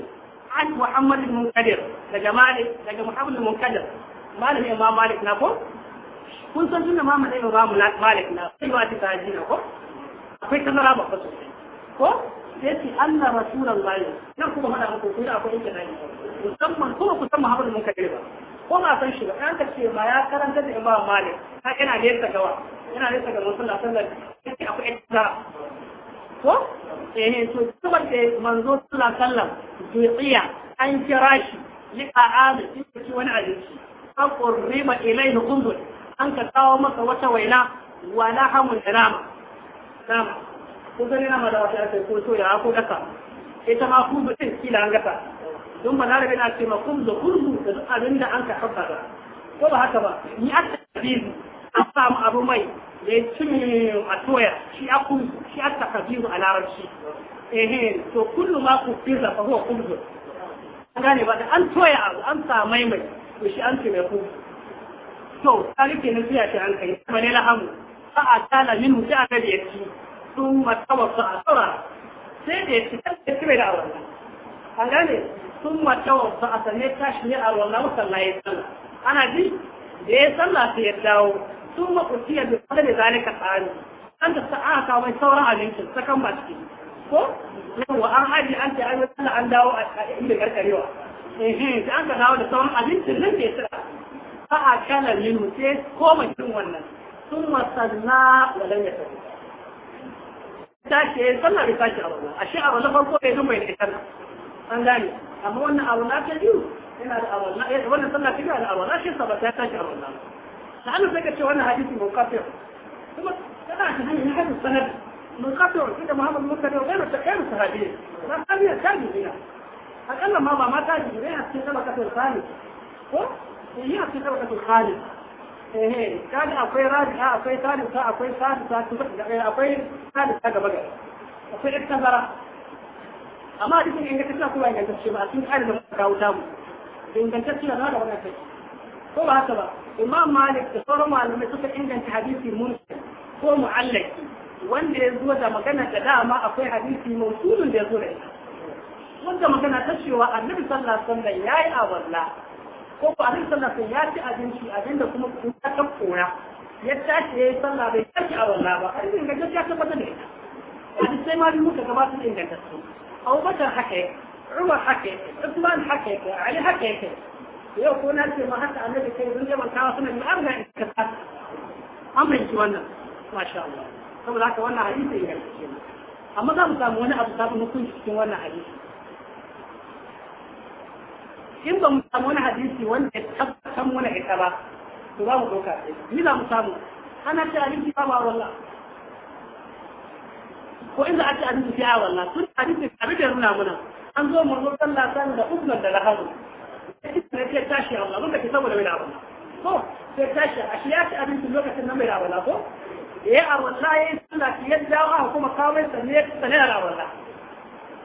an muhammad بن munkadir daga Malik daga Muhammad bin Munkadir Malik Imam Malik na ko kun san ma Imam Malik Imam Malik na sai wa ta ji na ko akwai tazara ba ko yake Allah anna rasulullahi nan kuma hada muku kun akwai inda nayi musamman kuma ku san mahabbar mun kai ba ko ma san shi ba an ka ce ma ya karanta da Imam Malik ka ina ne yadda gawa ina da yadda musalla sallallahu alaihi wasallam yake akwai ita ko eh to kuma da manzo sallallahu alaihi wasallam duqiya an kira shi li a'ad in ci wani abinci fa qurrima ilayhi qundul an ka kawo masa wata waina wa lahamun irama nama ko gani na mada wata ake ko soya ko daka ita ma kuzu din kila an gata don ba larabe na ce ma kuzu kuzu da duk abin da an ka hauka ba ko ba haka ba ni a tabiru an samu abu mai da ya cimi a toya shi a kuzu shi a takabiru a larabci ehe to kullu ma ku fiza fa huwa kuzu an gane ba da an toya abu an sa mai mai to shi an ce mai to tsari ne na siya ta an kai ba ne lahamu sa'a tala min mu a gaje ci sun matawarsa a tsara sai da ya ci kan da kime da arwala an gane sun matawarsa a sanye tashi ne arwala musalla ya tsalla ana ji da ya tsalla sai ya dawo sun makusiyar da tsada da ka tsari an ta sa'a ka mai sauran abincin ta kan ciki ko wa an haji an ta an tsalla an dawo a inda karkarewa eh an ka dawo da sauran abincin nan da ya tsira fa'a kana minhu sai koma cin wannan sun masalla walan ya tafi tashi ya yi sallah bai tashi a wannan a shi a wannan farko ya dun bai da ita an gane amma wannan a wannan ta biyu yana da a wannan sallah ta biyu da a wannan shi sabata ya tashi a wannan ta ana sai ka ce wannan hadisi mun kafir kuma kana ta hanyar hadisi sanad mun kafir inda Muhammad mun kafir gairu ta gairu sahabi na sabiya tabi'ina akalla ma ba ma tabi'ina ya ce sabaka tul khalid ko ya ce sabaka tul khalid eh kaga akwai rabi'a ah, akwai salisa akwai salisa eh, akwai salisa gaba gaba akwai iktazara amma a cikin ga cewa kuma ingantacce ba sun kare da kawo tamu ingantacce da da wannan kai. ko ba haka ba imam malik da sauran malamai suka inganta hadisi mursal ko mu'allaki wanda ya zo da magana da dama akwai hadisi mausulun da ya zo da ita wanda magana ta cewa annabi sallallahu alaihi wasallam yayi awalla ko ba nan sallah sai ya ci abinci abinda kuma kun ta koya ya tashi yayi sallah bai tashi a wallah ba har yin gaskiya ya tabbata da ita wani sai ma bin muka gabata da inganta su Abu Bakar haka Umar haka Uthman haka Ali haka yake yau ko na ce ma haka annabi kai sun je mantawa suna da arga in ka ta an fahimci wannan masha Allah saboda haka wannan hadisi ingantacce ne amma za mu samu wani abu sabon hukunci cikin wannan hadisi in ba mu samu wani hadisi wanda ya tabbatar wani ita ba to za mu ɗauka ni za mu samu ana ce abinci ba ba wallah ko inda ake abinci fi a wallah sun abinci abin da nuna muna an zo mu zo sallah san da ubnan da sai ne ke tashi a wallah lokaci saboda bai da wallah ko sai tashi a shi ya ci abinci lokacin nan bai da wallah ko ya a wallah ya yi sallah ki yadda aka kuma kawo mai sanne sanne da wallah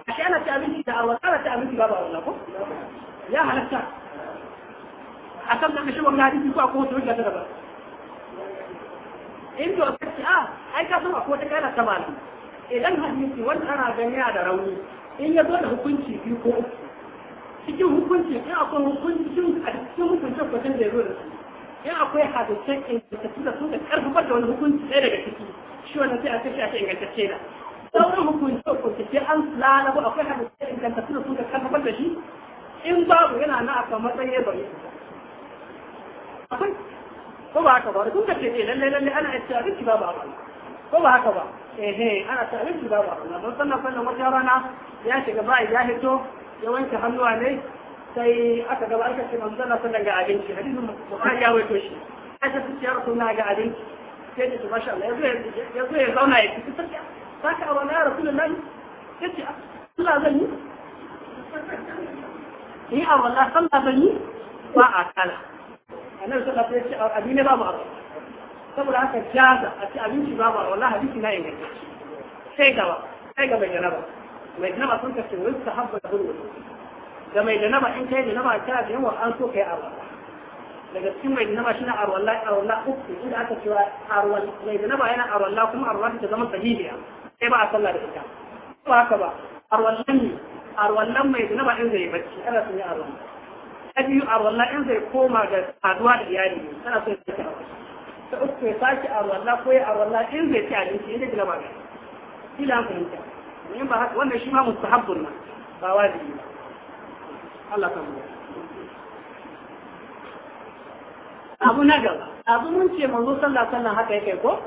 a shi ana ci abinci da a wallah ana ci abinci ba ba wallah ko ya halatta a kan nan shi wannan hadisi ko akwai wata hujja ta daban in da ce a ah, ai ka san akwai wata kaida ta malu idan hadisi wani ana gani da rauni in ya zo da hukunci biyu ko uku cikin hukunci in akwai hukuncin a cikin hukuncin kwatan da ya zo da su in akwai hadisan ingantattu da sun da karfafar da wani hukunci ɗaya daga ciki shi wannan sai a ce a ce ingantacce na sauran hukunci ko ce an lalabo akwai hadisan ingantattu da sun da karfafar da shi in babu yana na aka matsayin ya bari akwai ko ba haka ba da ka ce lalle eh, lalle ana ita abinci ba ba ko ba haka ba eh ana ta abinci ba ba na ban sannan fannin wata rana ya shiga ba ya hito ya wanke hannuwa ne sai aka gaba aka ce manzo na sannan ga abinci hadisin Bukhari ya wato shi sai ta ce na ga abinci sai ta masha Allah ya zo ya zauna ya fita saka wa nan rasulullah yace ah, Allah zan yi ni a wala sallah ba ni ba a kala annabi sallallahu alaihi wasallam ya ce ne babu abu saboda haka jaza a ci abinci babu ba wallahi hadisi na inganta sai gaba sai gaba ya naba. mai naba sun ka ce wani sahabba da hulwa da mai naba in kai janaba a kira da yawa an so kai a wala daga cikin mai naba shi na a arwalla uku inda aka a arwalla mai naba yana arwalla kuma arwalla ta zama sahihiya sai ba a sallah da ita ba haka ba arwallan ne arwallan mai zina ba in zai bacci ana sun yi arwallan ta biyu arwallan in zai koma ga saduwa da iyali ana sun yi ta uku ya sake arwallan ko ya arwallan in zai ci abinci in zai gina ga ila an fahimta in ba haka wannan shi ma mustahabbun nan ba wajibi ba Allah kan mu abu na gaba abu mun ce manzo sallah sallah haka yake ko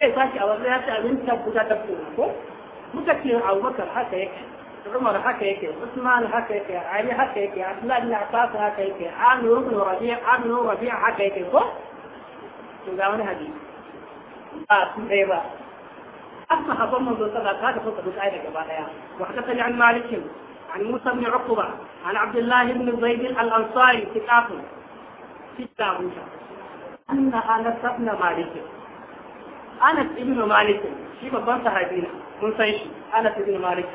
sai sake a wannan ya ci abinci ta kuta ta ko muka ce abubakar haka yake عمر haka عثمان Usman علي yake عبد الله بن عباس bin عامر بن ربيع عامر بن ربيع Amir إيوه. منذ هذا وحدثني عن مالك عن موسى بن عقبة عن عبد الله بن زيد الأنصاري في كتابه أن أنس بن مالك أنس بن مالك شيء ببن صحابينا من سيشي أنس بن مالك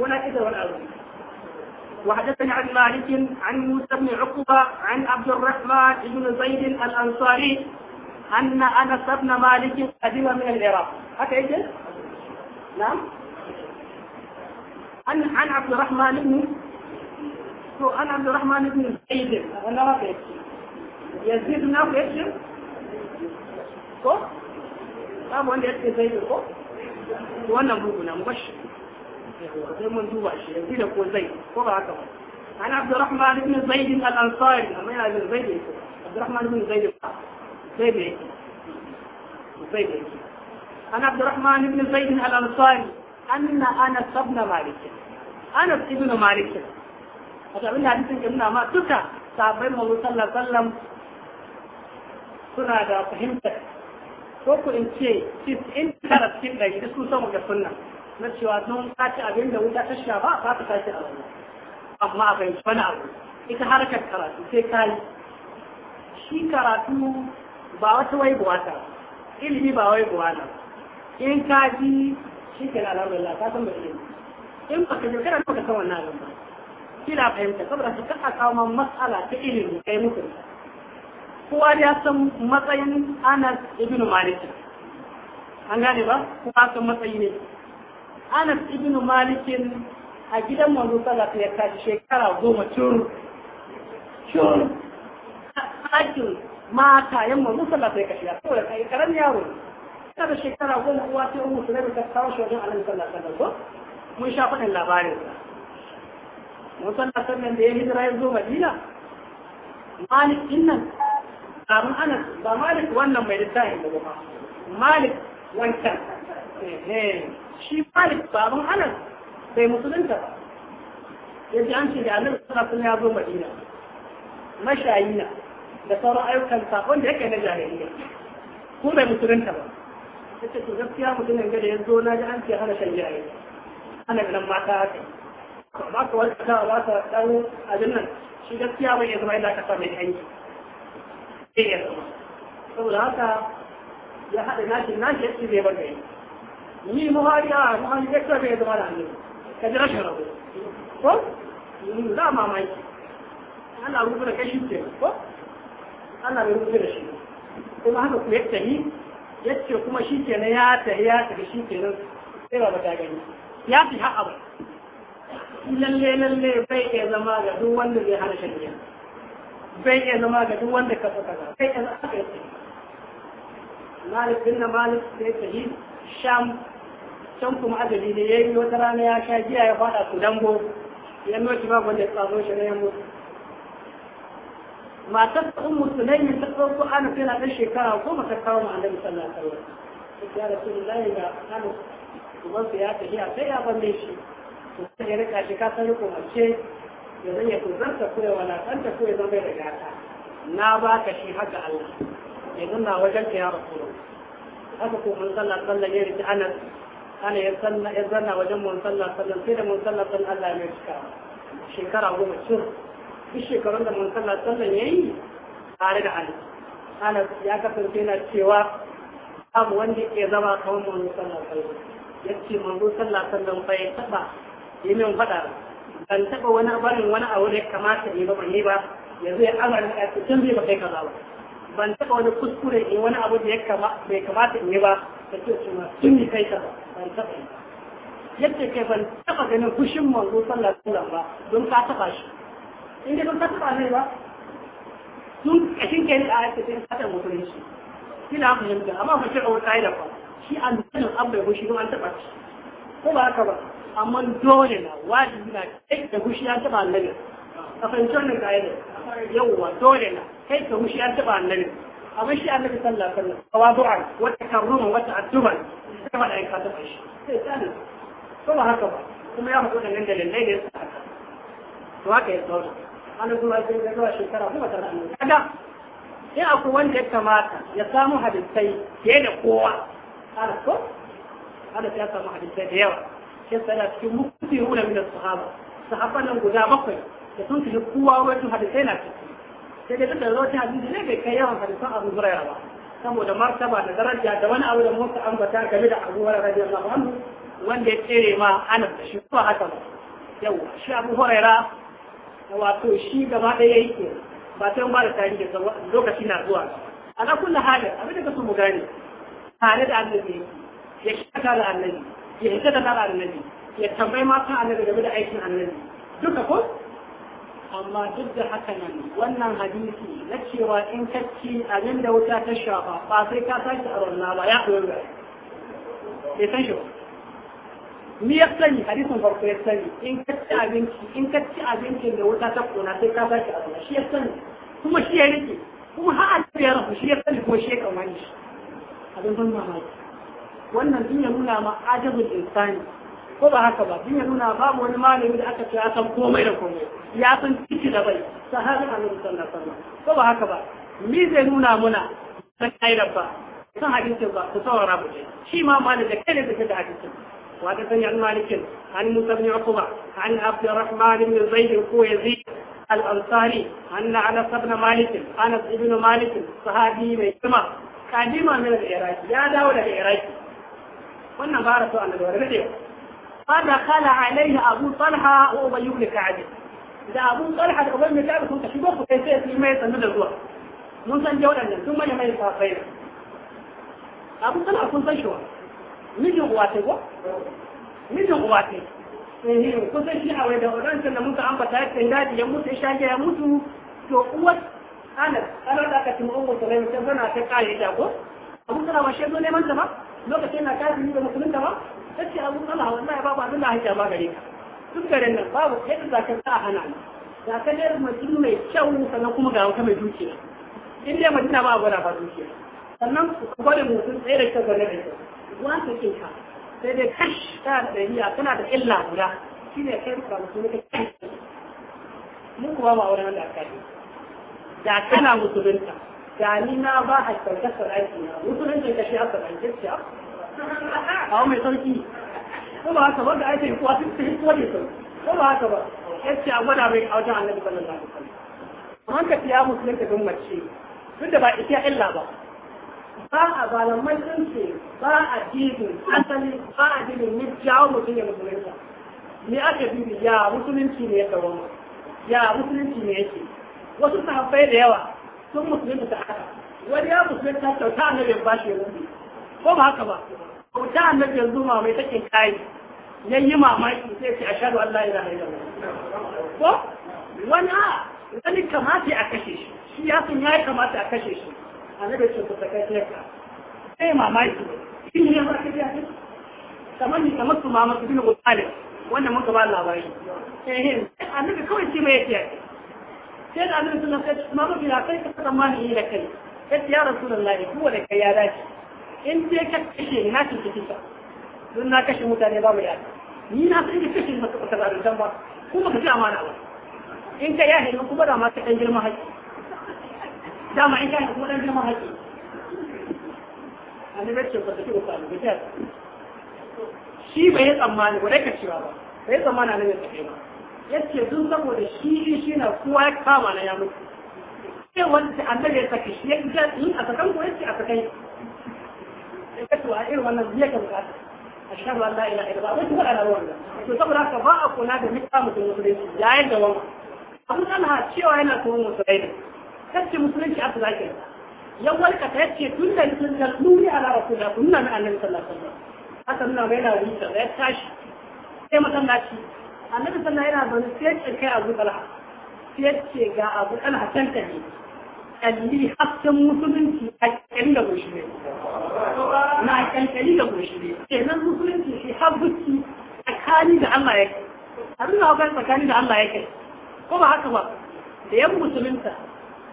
والأكثر والأول وحدثني عن مالك عن موسى بن عقبة عن عبد الرحمن بن زيد الأنصاري أن أنس بن مالك قدم من العراق هكذا نعم عن عن عبد الرحمن بن عن عبد الرحمن بن زيد أنا ما يزيد بن فهمت ko babu wanda وانا ce زيد ko وانا bugu na مبشر وكان من دوبا شيء يزيد أبو زيد صلى الله عليه عن عبد الرحمن بن زيد الأنصاري أما يعني بن زيد عبد الرحمن بن زيد زيد زيد عن عبد الرحمن بن زيد الأنصاري أن أنا ابن مالك أنا ابن مالك هذا من حديث كنا ما تكا صابين الله صلى الله عليه وسلم سنة فهمت فوق إن شيء تسعين ثلاث سنة يدرسون سمعة سنة na cewa don ka ci abin da wuta ta sha ba ba ka tashi a wani amma a fahimci wani abu ita harkar karatu sai ka yi shi karatu ba wata wai buwata ilimi ba wai buwata in ka ji shi ke na alhamdulillah ka san ba ilimi in ba ka je kana ka san wannan abin ba na fahimta saboda su kasa kawo matsala ta ilimi kai mutum kowa ya san matsayin Anas ibn Malik an gane ba kuma san matsayi ne anas ibn malikin a gidan manzo sallallahu ya tashi shekara goma cur cur hakin mata yan manzo sallallahu ya kashi ya saboda kai karan yaro kada shekara goma uwa ta ummu sulaiman ta kawo shi wajen annabi sallallahu alaihi wasallam mun sha faɗin labarin sa mun san da sannan da ya hijira ya zo madina malik dinnan abun anas ba malik wannan mai littafin da ba malik wancan eh, eh. shi Malik baban halar bai musulunta ba ya ji an ce da Annabi sallallahu alaihi ya zo Madina mashayina da sauran ayyukan sakon da yake na jahiliya ko bai musulunta ba yace to gaskiya mutumin ga da ya zo na ji an ce hana shan jahiliya ana ganin mata haka ba ka wani kasawa ba ka dan abin nan shi gaskiya bai ya zama yadda aka sa mai hanyi sai ya saboda haka ya haɗa nashi nashi ya ce bar da yi مين مهاري اه مهاري بيكتر بيه دمال عني كده اشهر ابو لا ما معي انا اقول لك ايش انت انا بقول لك شيء kuma haka ku yadda ni yace kuma shi kenan ya ta ya ta shi kenan sai ba ta gani ya lalle lalle bai iya zama ga duk wanda zai hana shari'a bai iya zama ga duk wanda ka saka bai iya zama ga wanda malik bin malik sai ta yi sham can kuma ajali ne yi wata rana ya sha giya ya fada su dango ya noci ba gwanda ya tsazo shi na ya mutu matar ta ummu sulaymi ta ɗauko ana tana ɗan shekara ko ta kawo ma annabi sallallahu alaihi wasallam ya rasulullahi ga ana uban su ya tafiya sai ya banne shi to ya rika shi ka san riko mace ya zan ya ta, ko ya ta, ko ya zama da gata na ka shi haka Allah ya zanna wajen ka ya rasulullahi haka ko manzon Allah sallallahu alaihi wasallam ya rike anas ana ya sanna ya zanna wajen mun sallah sallan sai da mun sallah sallan Allah mai cika shekara goma cin duk shekarun da mun sallah sallan yayi tare da Ali ana ya kasance na cewa abu wanda ke zama kamar mun sallah sallan yace mun sallah sallan fa ya taba yi min fada ban taba wani barin wani abu da kamata yi ba ban yi ba yanzu ya azar a cikin bai ba kai kaza ba ban taba wani kuskure in wani abu da ya kamata yi ba ta ce su ma sun yi kai kaza ban taɓa yadda kai ban taɓa ganin fushin manzo sallallahu alaihi wasallam ba don ka taɓa shi in dai don ka taɓa mai ba sun kashin kai a yake sai ka taɓa mutunci kina yanda amma ba shi a wata da ba shi an tsanin abba bai fushi don an taɓa shi ko ba haka ba amma dole na wajibi na kai da fushi an taɓa annabi ka fahimci wannan ka'idar yawwa dole na kai ka fushi an taɓa annabi amma shi annabi sallallahu alaihi wasallam du'a wa takarruman wa ta'adduban Kuma faɗa ya kasa shi sai ta ne ko ba haka ba kuma ya faɗo dangane da lallai da ya sa haka to haka ya zauna an zuwa sai ga zuwa shekara kuma tare da kada sai akwai wanda ya kamata ya samu hadisai fiye da kowa ana ko ana sai ya samu hadisai da yawa sai sai cikin mukuti hula min sahaba sahabban nan guda bakwai da sun fi kowa wajen hadisai na ciki sai dai duk da zuwa hadisi ne bai kai yawan hadisan abu hurairah ba saboda martaba da daraja da wani abu da muka ambata game da Abu Hurairah radiyallahu anhu wanda ya tsere ma ana da shi ba haka ba yau shi Abu Hurairah wato shi gaba ɗaya yake ba sai ba da tarihi da lokaci na zuwa ana kullu halin abin da kasu mu gane tare da annabi ya shaka da annabi ya hita da annabi ya tambayi mata annabi game da aikin annabi duka ko amma duk da haka nan wannan hadisi na cewa in kacci abin da wuta ta shafa ba sai ka sake a wannan ba ya ɗoga ya san shi ni ya sani hadisin farko ya sani in kacci abinci in kacci abincin da wuta ta kona sai ka sake a wannan. shi ya sani kuma shi ya rike kuma har a ya rafu shi ya sani kuma shi ya kamani shi abin ban mamaki wannan din ya nuna ma ajabul insani ko ba haka ba din nuna babu wani malami da aka ce a san komai da komai ya san ciki da bai sahabin annabi sallallahu alaihi wasallam ko ba haka ba mi zai nuna muna san kai da ba san hadisin ba ku saurara mu shi ma malami da kai ne da hadisin وحدثني عن مالك عن موسى بن عقبة عن عبد الرحمن بن زيد الكويزي الأنصاري أن أنس بن مالك أنس بن مالك صحابي من كما قديما من العراق يا داود العراق wannan ba rasu annabi wani dadewa قال دخل عليه أبو طلحة وأبي بن كعب إذا أبو طلحة وأبي بن كعب كنت في بخ في سيف ما يتمد الروح من سن جورا ثم لما يصاب خير أبو طلحة كنت شو نجي قواتي قو نجي قواتي إيه، كنت شيء أولاد أولاد سنة من تعم بتاعك تنادي يموت إيش هذا يموت شو قوة أنا أنا ذاك تمام وصلنا مثلنا أتقال إذا قو أبو طلحة وشيء دون ما لو كان كاتب يقول مسلم تمام tace abu Allah wallahi babu abin da haka ba gare ka duk garin nan babu kai da zaka sa hana ni ga ka ne mutum mai kyau sannan kuma ga wata mai dukiya in dai mutum ba da ba dukiya sannan ku gode mutum sai da kyau gane da kyau wata kin ka sai dai kash ta da dariya tana da illa guda shine kai ka mutum ka kai mun kuma ba auren da aka yi da kana musulunta da ni na ba a kyautar aiki na musulunta ka shi aka ɗan gaskiya abu mai sauki ko ba haka wanda ake kuwa sun ta hikuwa ne sau ko ba haka ba yace a gwada mai a wajen annabi sallallahu alaihi wasallam amma ka tiya musulunta don mace duk da ba ita illa ba ba a balaman ɗinsu ba a dibin asali ba a dibin ni jawo mutum ya musulunta ni aka dubi ya musulunci ne ya kawo ya musulunci ne yake wasu sahabbai da yawa sun musulunta ta haka wani ya musulunta kyauta annabi ba shi ya ko ba haka ba bauta annabi yanzu mamai take kai ya yi mamaki sai ce ashhadu an la ilaha illallah ko wani a ah, wani kamata a kashe shi shi ya san ya kamata a kashe shi annabi ce ku saka ka sai mamaki shi ne ba ka ji kamar ni kamar su mamaki bin Utalib wanda muka ba labari eh annabi kawai ce mai yake sai da annabi sun ce mamaki na kai ka tsammani da kai sai ya rasulullahi kuwa da kai ya dace in dai ka kashe na cikin ka don na kashe mutane mu yaki ni na san ka kashe maka kusa da ba kuma ka ji amana ba in ka yahe ne kuma da ma ka dan girma haƙi dama in ka yahe kuma dan girma haƙi annabi ce ba ta ci ba ba ta shi bai yi tsammani ba dai ka cewa ba bai yi tsammani annabi ta tafi ba yace dun saboda shi shi na kowa ya kama na ya mutu sai wanda annabi ya saki shi ya ji a sakan ko yace a sakai kasu a irin wannan biya ka bukata ashhadu an la ilaha illallah wai kuma ana wannan to saboda haka ba a na da mika mutum musulunci yayin da wani abu talha cewa yana kuma musulai ne kacce musulunci a tsakin yan walka ta yace tun da tun da nuni ala rasulullah kun nan annabi sallallahu alaihi wasallam haka nuna mai na wuce ya tashi sai masallaci annabi sallallahu alaihi wasallam yana zaune sai kai abu talha sai ce ga abu talha can ka ne kalli hasken musulunci a kankani da mushiri na kankani da mushiri kenan musulunci shi habbuci tsakani da Allah yake abin da kai tsakani da Allah ya kai. ko ba haka ba da yan musulunta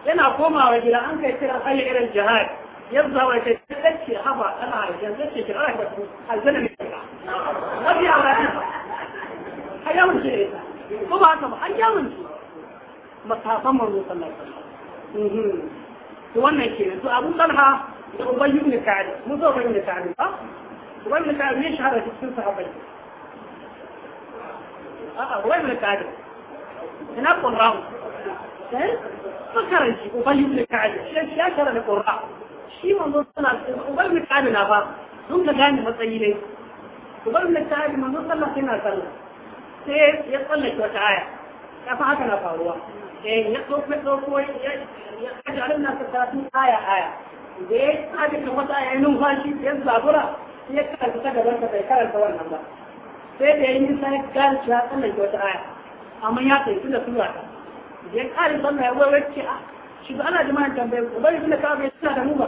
yana komawa gida an kai kiran ayi irin jihar, yanzu hawa ce tsakke haba ana zai ce ki ana kwatu aljanna ne ka wabi a wani hayawun ce ko ba haka ba an yawun ce masafan manzo sallallahu alaihi wasallam mhm. to wannan kenan to Abu Talha da Ubay ibn Ka'ab mun zo Ubay ibn Ka'ab ha Ubay ibn Ka'ab ne shahara cikin sahabbai a'a Ubay ibn Ka'ab ina qurra'u eh to karanci Ubay ibn Ka'ab shi ya shahara da qurra'u shi manzo suna Ubay ibn Ka'ab na fa sun ka gane matsayi ne Ubay ibn Ka'ab manzo sallallahu alaihi wasallam sai ya tsallake wata aya kafa haka na faruwa eh ya ɗauko ya ɗauko ya kajarin na karatun aya aya da ya yi tsabi da wata ya yi numfashi ya zabura ya karanta ta gaban ka bai karanta wannan ba sai da ya yi nisa ya gane shi ya tsallake wata aya amma ya tsaye da sura ta da ya ƙari sannan ya wai wacce a ah, shi ba ana jima'in tambaye ku bari tun da kawai bai suna da mu ba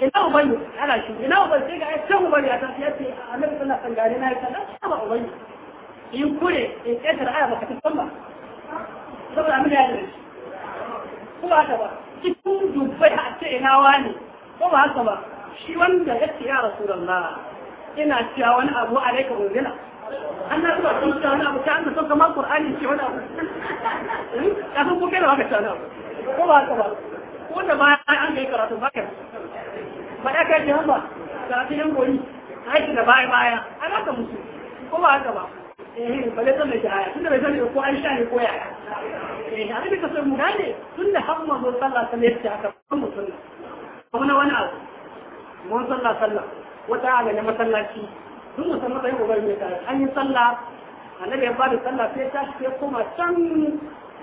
ina ubangi ana shi ina ubangi sai ga ya can ubangi a tafiya ce a nan sallah sangare na ya sallah ba ubangi in kure in ƙetar aya baka tafi ba saboda abin ya gare shi ko ba haka ba cikin dubbai a ce ina wani ko ba haka ba shi wanda ya ce ya rasulullah ina cewa wani abu alaika unzila an na zuba sun cewa wani abu ta hanzu sun kamar ƙur'ani ce wani abu Ya hmm? ko kai da baka cewa wani abu ko ba haka ba ko da bayan an ka yi karatu baka ba da kai ji ba, karatu yan goyi aiki da baya baya an haka musu ko ba haka ba eh ba zai san mai tunda bai ko eh, tunda sallah mu wani abu sallah sallah tun an yi sallah annabi ya da sallah sai tashi sai koma can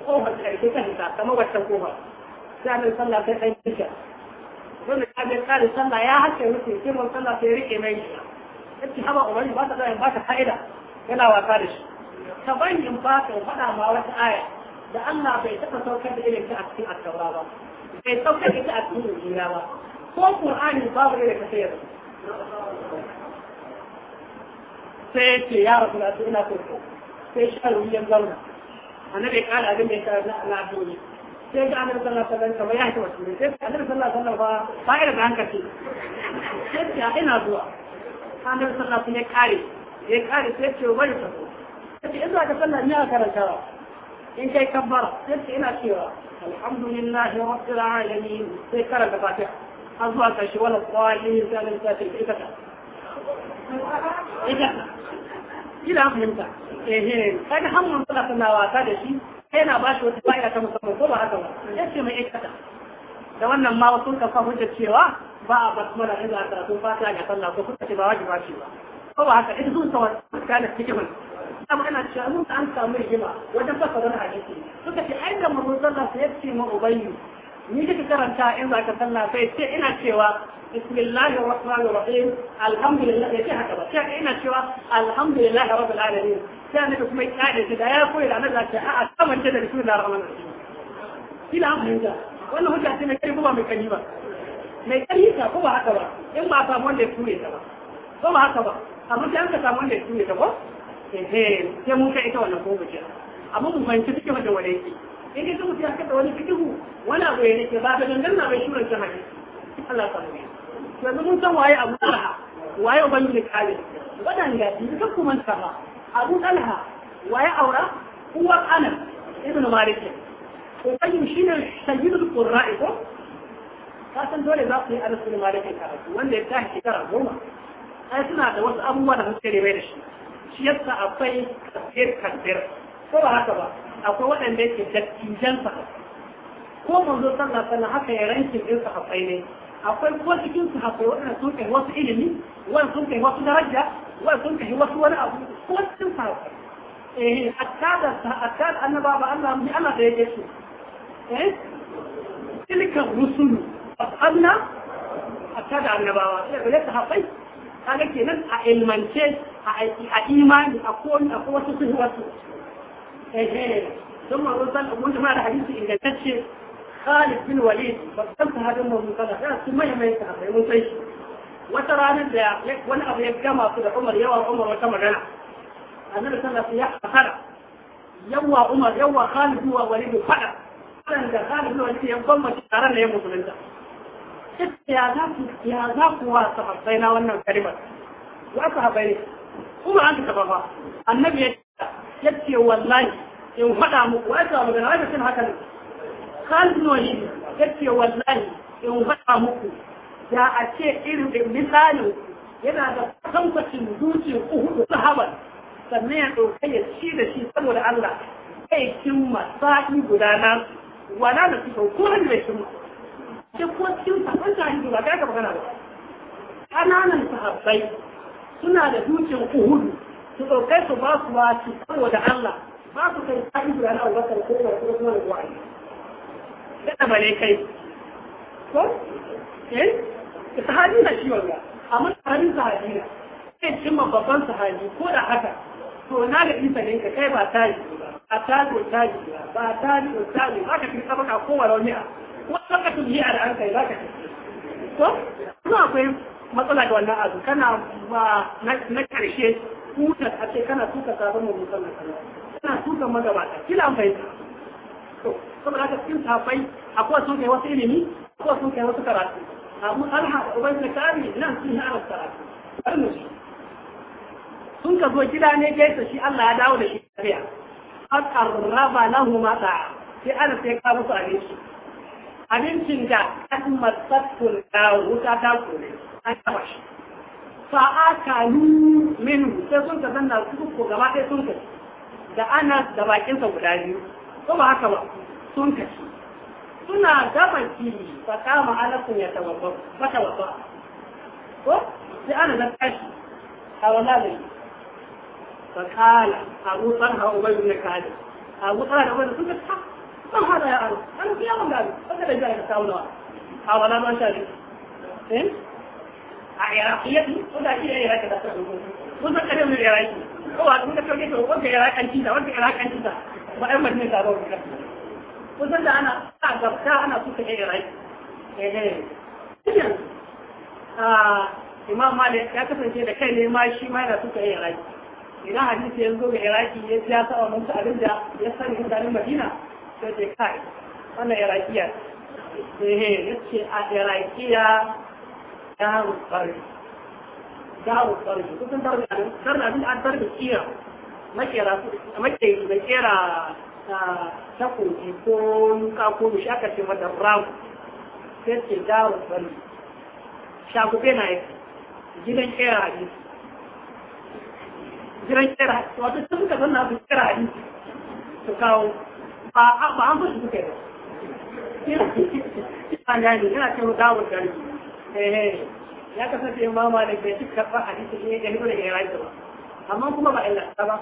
kofar karfe ta hita kamar wancan kofar sai annabi sallah sai ɗan kika wanda ya bai kare sallah ya hakke rufe sai mun sallah sai rike mai yace haba ubai ba ta da ba ta fa'ida yana wasa da shi ka bari in ba ka faɗa ma wata aya da Allah bai taɓa saukar da irin ta a cikin attaura ba bai saukar da ita a cikin injila ba ko qur'ani babu irin ta sayar sai ce ya rasu da ina so ko sai shi ya zauna annabi ya ƙara abin da ya kara na addu'o'i sai ga annabi sallallahu alaihi wasallam kamar ya hita wasu sai annabi sallallahu alaihi wasallam ba ba irin da hankali sai ina zuwa annabi sallallahu alaihi wasallam ya kare ya kare sai ce bari ta so sai in za ka sallah ni a ba. in kai kabbara sai ce ina cewa alhamdulillahi rabbil alamin sai karanta fatiha har zuwa kashi wala qali sai ta ita ta ita ta ina fahimta eh kaga hamman sallah sallah wasa da shi yana ba shi wata fa'ida ta musamman ko ba haka ba Sai ce mai aikata da wannan ma wasu kafa hujjar cewa ba a basmala inda a karatun fata ga sallah ko kuka ce ba ba shi ba ko ba haka in sun sawa kana cikin amma ana cewa mun an samu rigima wajen fasa wani hadisi suka ce ai da mun sallah sai ce mu ubayyu ni kika karanta in za ka sallah sai ce ina cewa bismillahir rahmanir rahim alhamdulillah yace haka ba sai ina cewa alhamdulillah rabbil alamin sai ne kuma ya da da ya koyi da Allah ta a'a kamar da bismillahir rahmanir rahim kila an fahimta wannan hujja ce mai kari ko ba mai kari ba mai kari ta ko ba haka ba in ba samu wanda ya ture ta ba ko ba haka ba amma sai an ka samu wanda ya tuni ta ko eh sai mun kai ita wannan ko bace amma mun fahimci take wanda wanda yake in ka mutum ya kada wani fitihu. wani abu ya nake ba da dangan na bai shuran cin hadisi Allah ta rubuta yanzu mun san waye Abu Talha waye ubangiji kare wadanda in ka kuma sama Abu Talha waye aura huwa Anas ibn Malik ko shi ne sayyidul qurra'i ko ka san dole za ku yi Anas ibn Malik karatu wanda ya tashi shekara goma ai suna da wasu abubuwa da suka bai da shi shi yasa akwai kafir kafir ko ba haka ba akwai waɗanda yake dattijan sa ko manzo sallallahu alaihi haka ya rankin din sa akwai ne akwai kuma cikin su waɗanda sun kai wasu ilimi wani sun kai wasu daraja wani sun kai wasu wani abu ko cikin sa eh hatta da hatta da annaba ba Allah mu Allah da yake su eh tilka rusulu fasalna hatta da annabawa sai ba ta kaga kenan a ilmance a imani a koni a kuma su sun wasu ehe don ma zo san abun jama'a da hadisi ingantacce Khalid bin Walid babban sahabin mu mun kana su mai mai ta bai mun sai shi wata ranar da wani abu ya gama su da Umar yawa Umar wata magana annabi sallallahu alaihi wasallam ya fara yawa Umar yawa Khalid wa Walid fara sannan Khalid bin Walid ya gama tsara ne musulunta ya za ku wa sahabbai na wannan kalimar wa sahabbai ne kuma an ta ba annabi ya ya ce wallahi in faɗa muku wa ta magana wa ta haka ne kalmomi ya ce wallahi in faɗa muku da a ce irin misalin yana da tankwacin zuciyar uhudu sahabar sannan ya ɗauka ya ci da shi saboda Allah kai cimma sa'i guda na wala da su ko da cimma duk ko cikin sabon shahidu ba ka magana ba ƙananan sahabbai suna da dukin uhudu su ɗaukai su ba su wa su kawo da Allah ba su kai ta ibu yana abubakar ko kuma kuma kuma da wa'ayi daɗa bane kai ko eh sahabi na shi wanda amma sahabin sahabi na kai cimma babban sahabi ko da haka to na da isa ne ka kai ba tari ba tari ba tari ba tari ba tari ba ka fi sabaka kowa rauniya wannan ka tujiya da an kai za ka tafi to kuma akwai matsala da wannan abu kana ba na karshe tutar a ce kana tuka sabon mu musallan kana kana tuka magabata kila an fahimta to saboda haka cikin safai akwai sun kai wasu ilimi akwai sun kai wasu karatu abu alha ubai da kari nan sun yi arab karatu karnu shi sun ka zo gida ne gaisa shi Allah ya dawo da shi tafiya qad qarraba lahum ma'a sai ana sai ka musu abinci abincin da kan matsattun da wuta ta kore an kama shi fa'akalu minu sai sun ka zanna su ko gaba ɗaya sun ka da ana da bakinsa guda biyu ko ba haka ba sun ka ci suna dafa ki fa kama alakun ya tawabba ba tawabba ko sai ana da tashi a wala da fa kala abu hau bai ibn kala a talha da ubay sun ka kan hana ya aro an fi yawan gari wanda da jari ka samu nawa a wala ma sha biyu eh? a iraqiyati wanda ake yin iraqi da ta kun san kare mu iraqi ko ba kun ka tauke to wanda iraqanci da wanda iraqanci da ba ai mutum da rawa ka kun san da ana a gabta ana su ka iraqi eh eh ah imam malik ya kasance da kai ne ma shi ma yana suka yi iraqi idan hadisi ya zo ga iraki ya sa wa mun abin da ya sani mutanen ta ce kai wannan irakiya eh ya a irakiya daru tsari daru tsari kusan tarbi a tarbi an tarbi kira makera ko nuka ko mishi aka ce mata ramu sai ce daru tsari shagube na gidan kera hadisi gidan kera wato ta suka zanna su kera su kawo A'a ba an bashi suka ba ina ce mu da eh, eh, ya kasance imama da bai ci karɓa hadisi ne da hito daga iraki ba amma kuma ba illa ta ba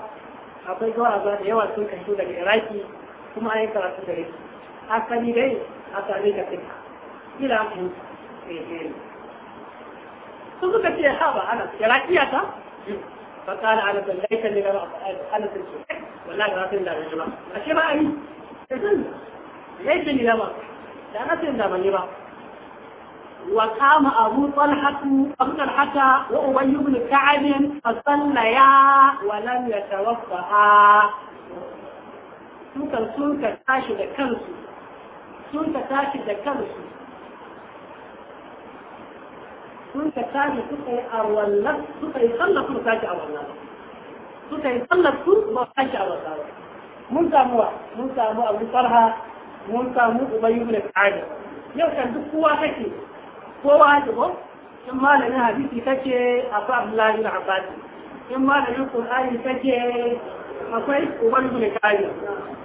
akwai zuwa ba da yawa sun kashu daga iraki kuma an yi karatu da riki asali dai a sami ka fita kila an fahimta eh, eh. sun suka ce ha ba ana irakiya ta فقال على بل ليس لنا على تنسوا والله ما تنسوا الجماعة أشياء zai ce ni ba da na ce da ba wa kama abu talhatu abu talhata wa ubayyu ka'ab fa sallaya wa lam yatawaffa sun ka tashi da kansu sun ka tashi da kansu sun ka tashi suka yi sun tashi tashi mun samu wa mun samu abu farha mun samu ubayy ibn al yau kan duk kowa kake kowa da ko in malamin hadisi kake abu abdullahi ibn abbas in malamin qur'ani kake akwai ubayy ibn al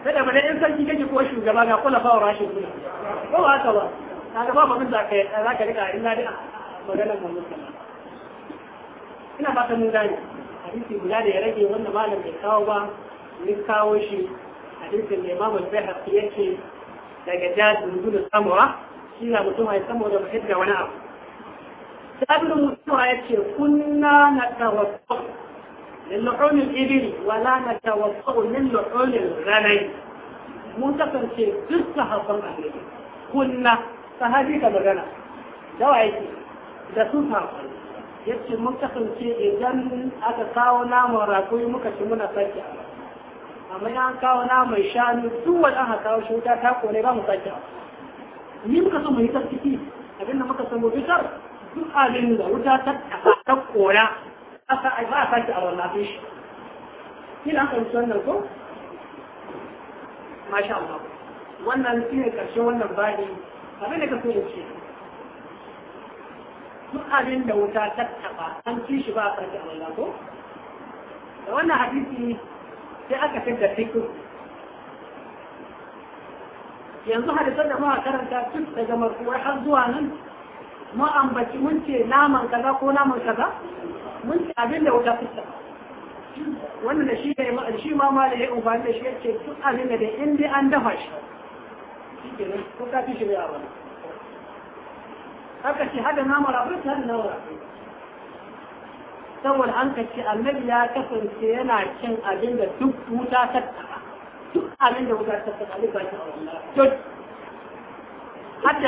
kada bane in sarki kake ko shugaba ga kula fa rashin kula ko haka ba kaga ba mun da kai ka rika ina da mun mu ina ba ta mun ni hadisi guda da ya rage wanda malam bai kawo ba ni kawo shi hadisin da imamu al-bayhaqi yake daga jabir bin samura shi na mutum ai saboda da hidda wani abu jabir mutum samura yace kunna natawaffaq min lu'un al-ibil wala na natawaffaq min lu'un al mun kasance duk sahabban annabi kunna sahabi ka magana dawa yake da sun samu? yace mun kasance idan aka kawo namun rakoyi muka ci muna sake amma an kawo na mai shanu duk wanda aka kawo shi wuta ta kone ba mu sake ni muka so mu yi tsarki abinda muka so mu fitar duk abin da wuta ta ta kora aka ai ba sake a wannan shi kina an fahimci wannan ko masha Allah wannan shi ne karshe wannan bani abin da ka so ce duk abin da wuta ta taba an ci shi ba a sake a wannan ko da wannan hadisi sai aka fi da fikin yanzu hadisan da muka karanta tun daga marfuwar har zuwa nan mu ambaci mun ce naman kaza ko naman kaza mun ce abin da wuta fita. wannan da shi ne shi ma ma da ya umfani da shi ya ce duk abin da in dai an dafa shi shi ke nan ko ka fi shi bai abana haka ce hada naman rafi hada naman rafi saboda an ka ce annabi ya kasance yana cin abin da duk wuta ta duk abin da wuta ta taba ne ba shi a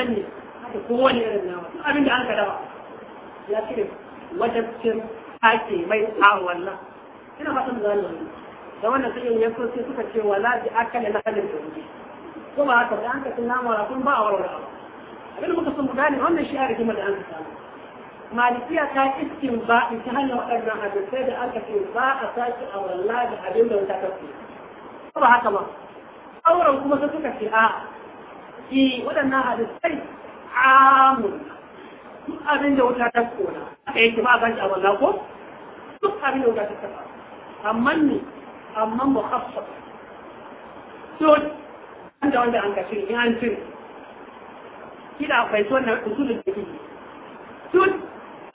ne haka kowane irin nawa duk abin da an ka dawa ya ce wajabcin take mai a wannan ina fatan da zan da wannan sai ya so sai suka ce wala bi akala na hadin da wuce ko ba haka da an ka tunama ra kun ba a warware abin da muka san mu gane wannan shi a rigimar da an ka samu malikiya ta iskin ba in ta hanyar waɗannan hadisai da aka ce ba a sake a walla da abin da wuta ta ce ba haka ba Auren kuma su suka ce a ki e, waɗannan hadisai amun duk abin da wuta ta kona aka yake ba a sake a walla ko duk abin da wuta ta kafa amma ne amma mu hafsa to da wanda an kashe ni, an cire kida akwai sunan da fiqh tun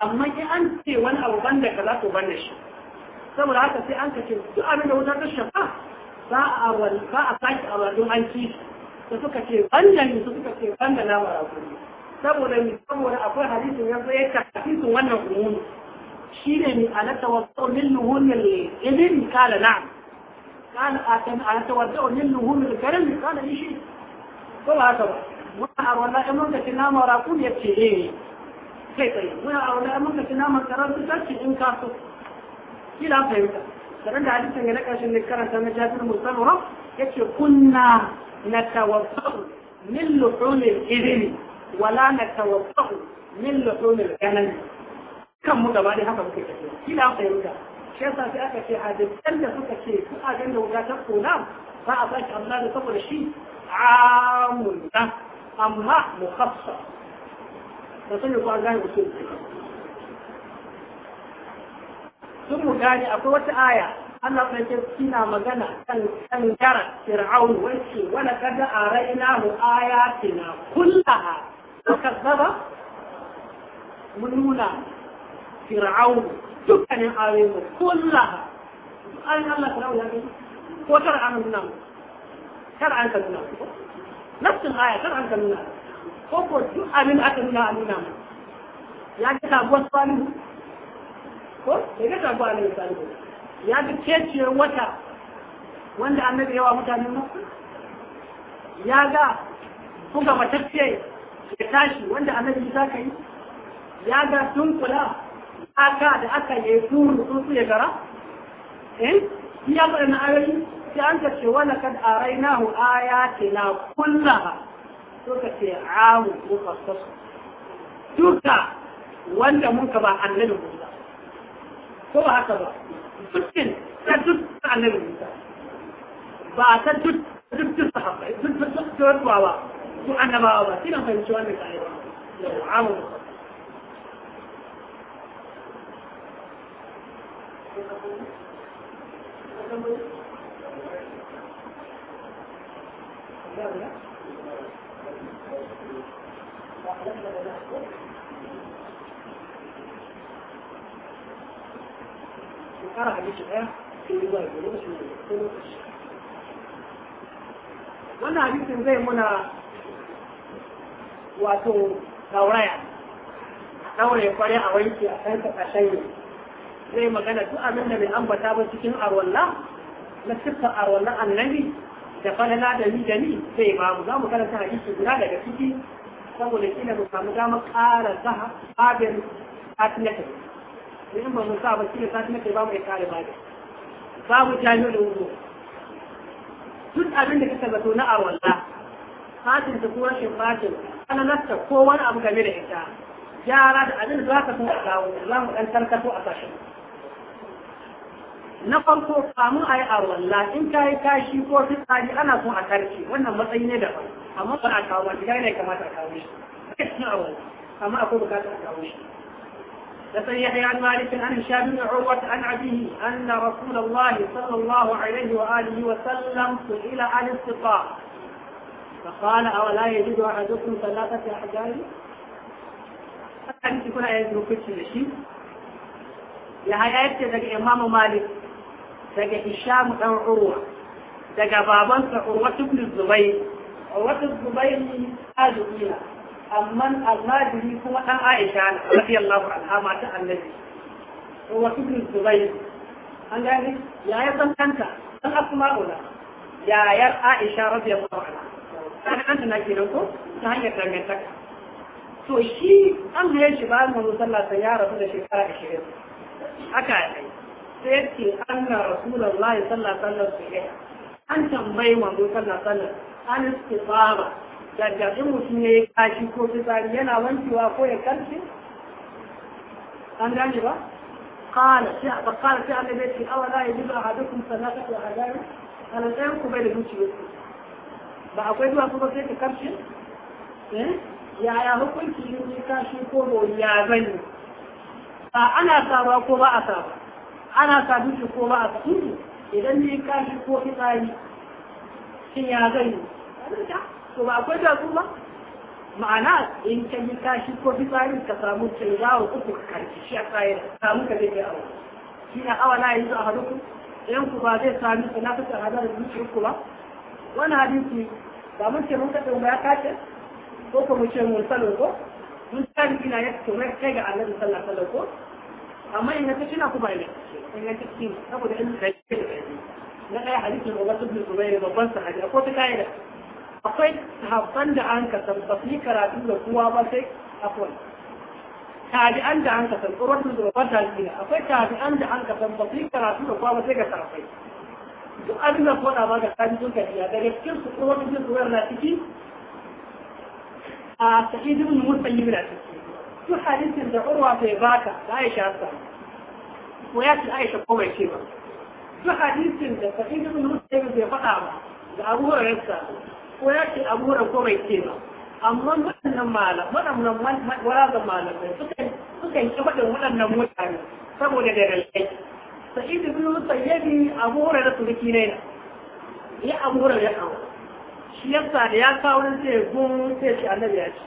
amma in an ce wani abu banda ka za to banda shi saboda haka sai an kace duk abin da wutar kashe ba za a wani za a saki a wani an ci da suka ce banda ne suka ce banda na mara kuri saboda ni saboda akwai hadisin yanzu ya kafi sun wannan umumi shine ni alata wa min luhumil idin kala na'am قال أتوضأ من لهم الكلم قال إيشي قال هكذا وأنا أرى الله أمرك تنام وراكم يبتليني kai tsaye muna a wani muka ci naman karar su tashi in ka so kila fahimta sanar da hadisin ga na ƙarshen ne karanta na jabir musamman ya ce kunna na tawaffa'u min luhumin izini wala na tawaffa'u min luhumin ganani kan mu gaba dai haka muka tafi kila fahimta shi yasa sai aka ce hadisan da suka ce su a ganin wuta ta kona ba a sake amma da saboda shi amun amma mukhassas ka sani ko an gane usul sun mu gane akwai wata aya Allah sarki suna magana kan kankara fir'aun wace wala kada arainahu ayatina kullaha wa kazzaba mun nuna fir'aun dukkanin ayoyin mu kullaha ayoyin Allah fir'aun ya ko tar an nuna kar an ka nuna nafsin aya kar an ka nuna ko ko duk abin aka nuna a nuna mu ya ga sabuwar salihu ko ya ga sabuwar annabi salihu ya ga ceciyar wata wanda annabi yawa mutanen masu ya ga buga matacce ya tashi wanda annabi za ka yi ya ga sun kula aka da aka yi furu sun su ya gara eh ya ga na ayoyi sai an ka ce wala kad arainahu ayatina kullaha suka ce amu mukhassas duka wanda muka ba annabi Musa ko ba haka ba dukkan ta dukkan annabi Musa ba ta duk duk sahabbai duk duk duk ba su annabawa ba kina fahimci wannan kaida amu mukhassas ƙara hadisi ɗaya sai yi zuwa da ko wannan hadisin zai muna wato tauraya daure kware a wanke a kan kasashen yi zai magana duk abin da bai ambata ba cikin arwalla na siffar arwalla annabi da falala da ni da ni sai babu za mu karanta hadisi guda daga ciki saboda kila mu samu damar ƙara zaha babin satinatai in ba mu sa ba kila satinatai ba mu iya kare babin babu da wudu duk abin da kika zato na arwalla fatin ta ko rashin fatin ana nasta ko wani abu game da ita yara da abin da za ka so a kawo za mu ɗan tarkato a sashen na farko kamun a yi arwalla in ka yi kashi ko fitsari ana so a karshe wannan matsayi ne da ba. أما ba a kawo gida ne kamata a kawo shi لك akwai bukatar عن مالك عن هشام عروة عن أبيه أن رسول الله صلى الله عليه وآله وسلم سئل عن السقاء فقال أولا يجد أحدكم ثلاثة أحجار؟ أنت كنا يجد كل شيء يحيى يبتدى إمام مالك daga هشام عروة Urwa daga عروة بن الزبير wata zubayin azumina amma almajiri kuma ɗan aisha na radiyallahu anha mata annabi to wasu bin zubayin an gane yayar ɗan ɗanka ɗan asma'ula yayar aisha radiyallahu anha ta kanta na kenan ko ta hanyar dangantaka to shi an hayar shi bayan manzo sallallahu alaihi ya rasu da shekara 20 haka ya sai ce anna rasulullahi sallallahu alaihi wasallam an tambayi manzo sallallahu alaihi wasallam an istibara daga in mutum ya yi kashi ko fitsari yana wankewa ko ya karfi an gane ba kala sai a bakara sai an da ce awa za a yi duba a hadukun sanata ko hadari alantsayan ku bai da zuciya ba akwai zuwa kuma sai ka ya eh? yaya hukunci yin yi kashi ko bori ya zanyi ba ana sawa ko ba a sawa ana sa duki ko ba a sa idan ne kashi ko fitsari shin ya zai yi to ba akwai da ba ma'ana in ka yi kashi ko fitsarin ka samu canzawa uku ka karfi shi a tsayin samu ka zai yi awa shi na awa na yanzu a haruku ɗayan ku ba zai sami ku na fitar hadar zuciyar ku ba wani hadisi ba mun ce mun ka ɗauma ya kace ko ko mun ce mun salo ko mun sani ina ya tsoron kai ga annabi sallallahu alaihi ko amma in ka ci na kuma ne in ka ci saboda in ka ci na ɗaya hadisin Umar ibn Zubair babban sahabi akwai ta kaida akwai sahabban da an ka tabbaci karatu da kowa ba sai akwai tabi'an da an ka san tsoron da babban tabi'ina akwai tabi'an da an ka tabbaci karatu da kowa ba sai ga sarfai duk abin da faɗa ba ga tabi'in ka iya daga cikin su Umar ibn Zubair na ciki a Sa'id ibn Musayyib na ciki duk hadisin da Urwa bai baka da Aisha ta ko ya ce Aisha ko bai ce ba su hadisin da sa'id ibn musayyib bai faɗa ba da abu hurairarsa ko ya ce abu ko bai ce ba amma waɗannan malam waɗannan warazan malamai suka suka yi faɗin waɗannan mutane saboda da dalilai sa'id ibn musayyibi abu hurairar surki ne ya abu ya kawo shi yasa da ya kawo nan sai gun sai ce annabi ya ce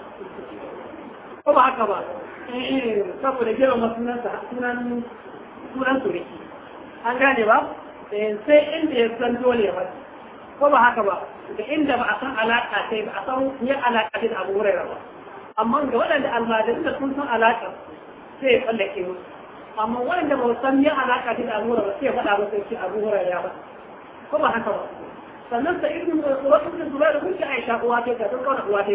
ko ba haka ba eh, saboda girma sunan sunan surki an gane ba Eh, sai inda ya san dole ba, ko ba haka ba da inda ba a san alaƙa sai ba a san ya alaƙa da abu wurare ba amma ga waɗanda almajirin da sun san alaƙa sai ya tsallake musu amma waɗanda ba san ya alaƙa da abu wurare ba sai ya faɗa musu sai abu wurare ba ko ba haka ba sannan sa irin wasu da zuwa da kuke aisha uwa ta sun kauna uwa ta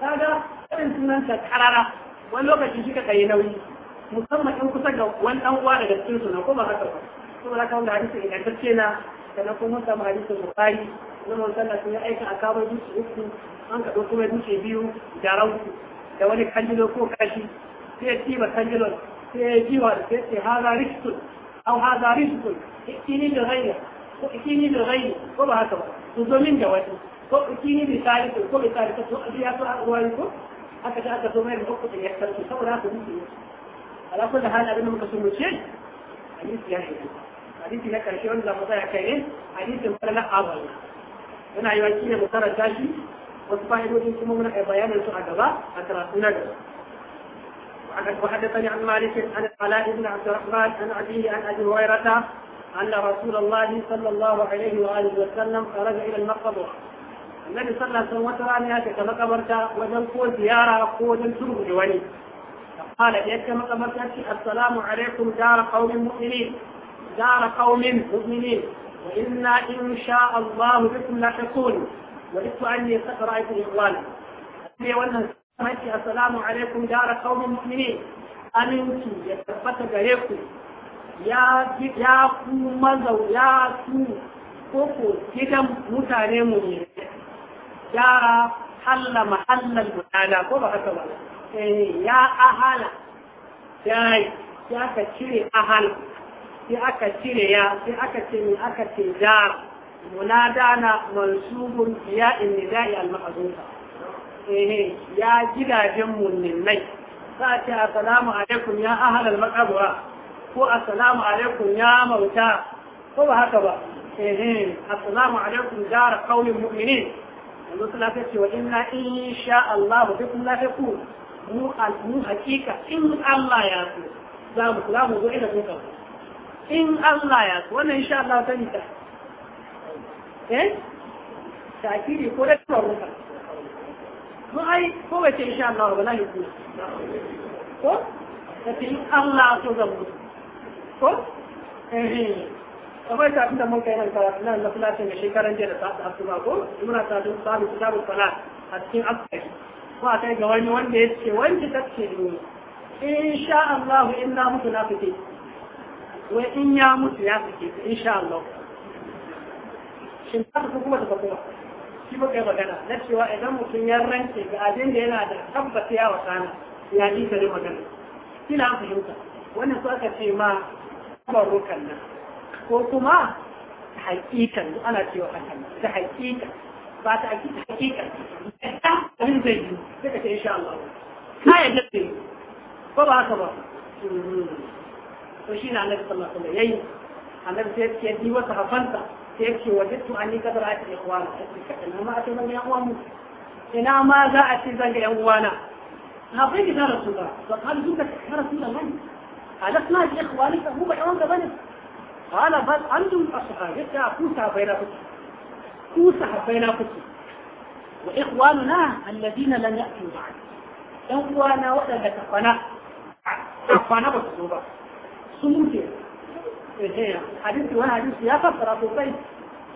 ta ga irin sunanta karara wani lokaci shi ka kai nauyi musamman in kusa ga wani ɗan uwa daga cikin su na ko ba haka ba saboda haka wanda hadisin ingantacce na da na kuma mun samu hadisin bukari zama sallah sun yi aikin a kawo dutse uku an kaɗo kuma dutse biyu da rauku da wani kanjilo ko kashi sai ya ɗiba kanjilon sai ya jiwa da sai ce haza rishkun au haza rishkun ikini da raina ko ikini da raina ko ba haka ba su zo min da wani ko ikini da salisu ko da salisu ko abiya ko a ruwayi ko aka ta aka zo mai da hukumin ya karfi saboda haka dutse ala kulli hal abin da muka so mu hadisi ya shiga حديث لك karshe لا za كائن حديث kai ne أول falalar awal yana yi waki ne mu karanta shi wasu fa'idodin kuma muna bayanin وحدثني عن مالك عن العلاء بن عبد الرحمن عن أبيه عن أبي هريرة أن رسول الله صلى الله عليه وآله وسلم خرج إلى المقبرة النبي صلى الله عليه وسلم يأتي أنها وجل قول زيارة وجل سرب جواني قال يا كمقبرة السلام عليكم دار قوم مؤمنين دار قوم مؤمنين وإنا إن شاء الله بكم لاحقون وإذ أني رأيت الإخوان السلام عليكم دار قوم مؤمنين aminci ya tabbata gare ku ya ya ku mazau ya ku koko gidan mutane mu ne yara halla mahallan mutana ko ba haka ba ya ahala ya ka cire ahala sai aka cire ya sai aka ce min aka ce jar munada na mansubun ya inni nida'i al-mahzufa eh ya gidajen munninai sai ce assalamu alaikum ya ahal al-maqabara ko assalamu alaikum ya mauta ko ba haka ba eh assalamu alaikum jar qaulin mu'minin yanzu suna ta ce wa inna in sha Allah bikum lafiku mu al-mu hakika in Allah ya so za mu za mu zo ina kun kafa in Allah ya so wannan insha Allah ta nika eh shakiri ko da tsoro ka mu ai ko wace insha Allah ba na yi ko ta in Allah so zan mutu ko eh kamar ta tunda mun kai nan karatu nan na kula ta shekaran jiya da ta ta asuma ko muna ta dun sabu sabu salat a cikin asali ko a kai ga wani wanda ya ce wanda ta ce In insha Allah inna mutu na wai in ya mutu ya sake ta insha Allah shin ta su kuma ta kuma shi ba kai magana na cewa idan mutum ya rance ga abin da yana da tabbata ya na ya ji ta magana kila an fahimta wannan su aka ce ma barokan nan ko kuma hakikan ana cewa hakan ta hakikan ba ta hakikan hakikan ta abin zai yi sai ka ce insha Allah ka yadda zai ba ba haka ba hmm. وشين على النبي صلى الله عليه وسلم أنا بسيبك يدي وتغفنت سيبك وجدت أني قد رأيت إخوانا أنا ما أتبع يا أخوان أنا ما جاء أتبع يا أخوانا هابيك يا رسول الله فقال زوجك يا رسول الله من هذا سناج إخواني فهو بحوان كبنس قال بل أنتم أصحابي يا بين فتح كوسا بين فتح وإخواننا الذين لم يأتوا بعد أخوانا وإلا تقنا تقنا بسوبة sun wuce hadisi wani hadisi ya fassara sosai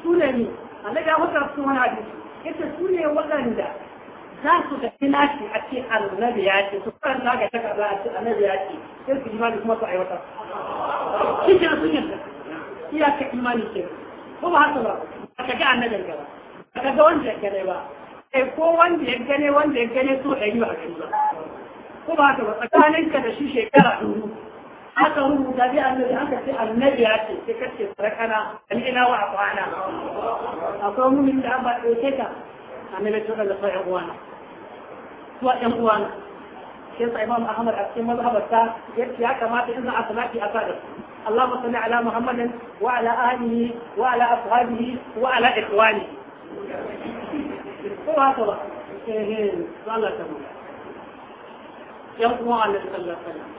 su ne ni annabi ya fassara su wani hadisi yace su ne waɗanda za su ga tilashi a ce annabi ya ce su karanta ga takarda a ce annabi ya ce sai su imani kuma su aiwatar shi ke sun yadda iyaka imani ke ko ba haka ba ba ka ga annabin gaba ba ka ga wanda ya gane ba kai eh, ko wanda ya gane wanda ya gane so ɗari ba a ba ko ba haka ba tsakaninka da shi shekara dubu aka rubuta bi annabi aka ce annabi ya ce sai kace sarakana ina wa afana akwai mumin da ba ɗauke ka annabi to daga sai uwana to ɗan uwana sai sa imam ahmad a cikin mazhabarsa yace ya kamata in za a salati a sada اللهم صل على محمد وعلى آله وعلى أصحابه وعلى إخوانه وهكذا إيه الله تبارك يوم النبي صلى الله عليه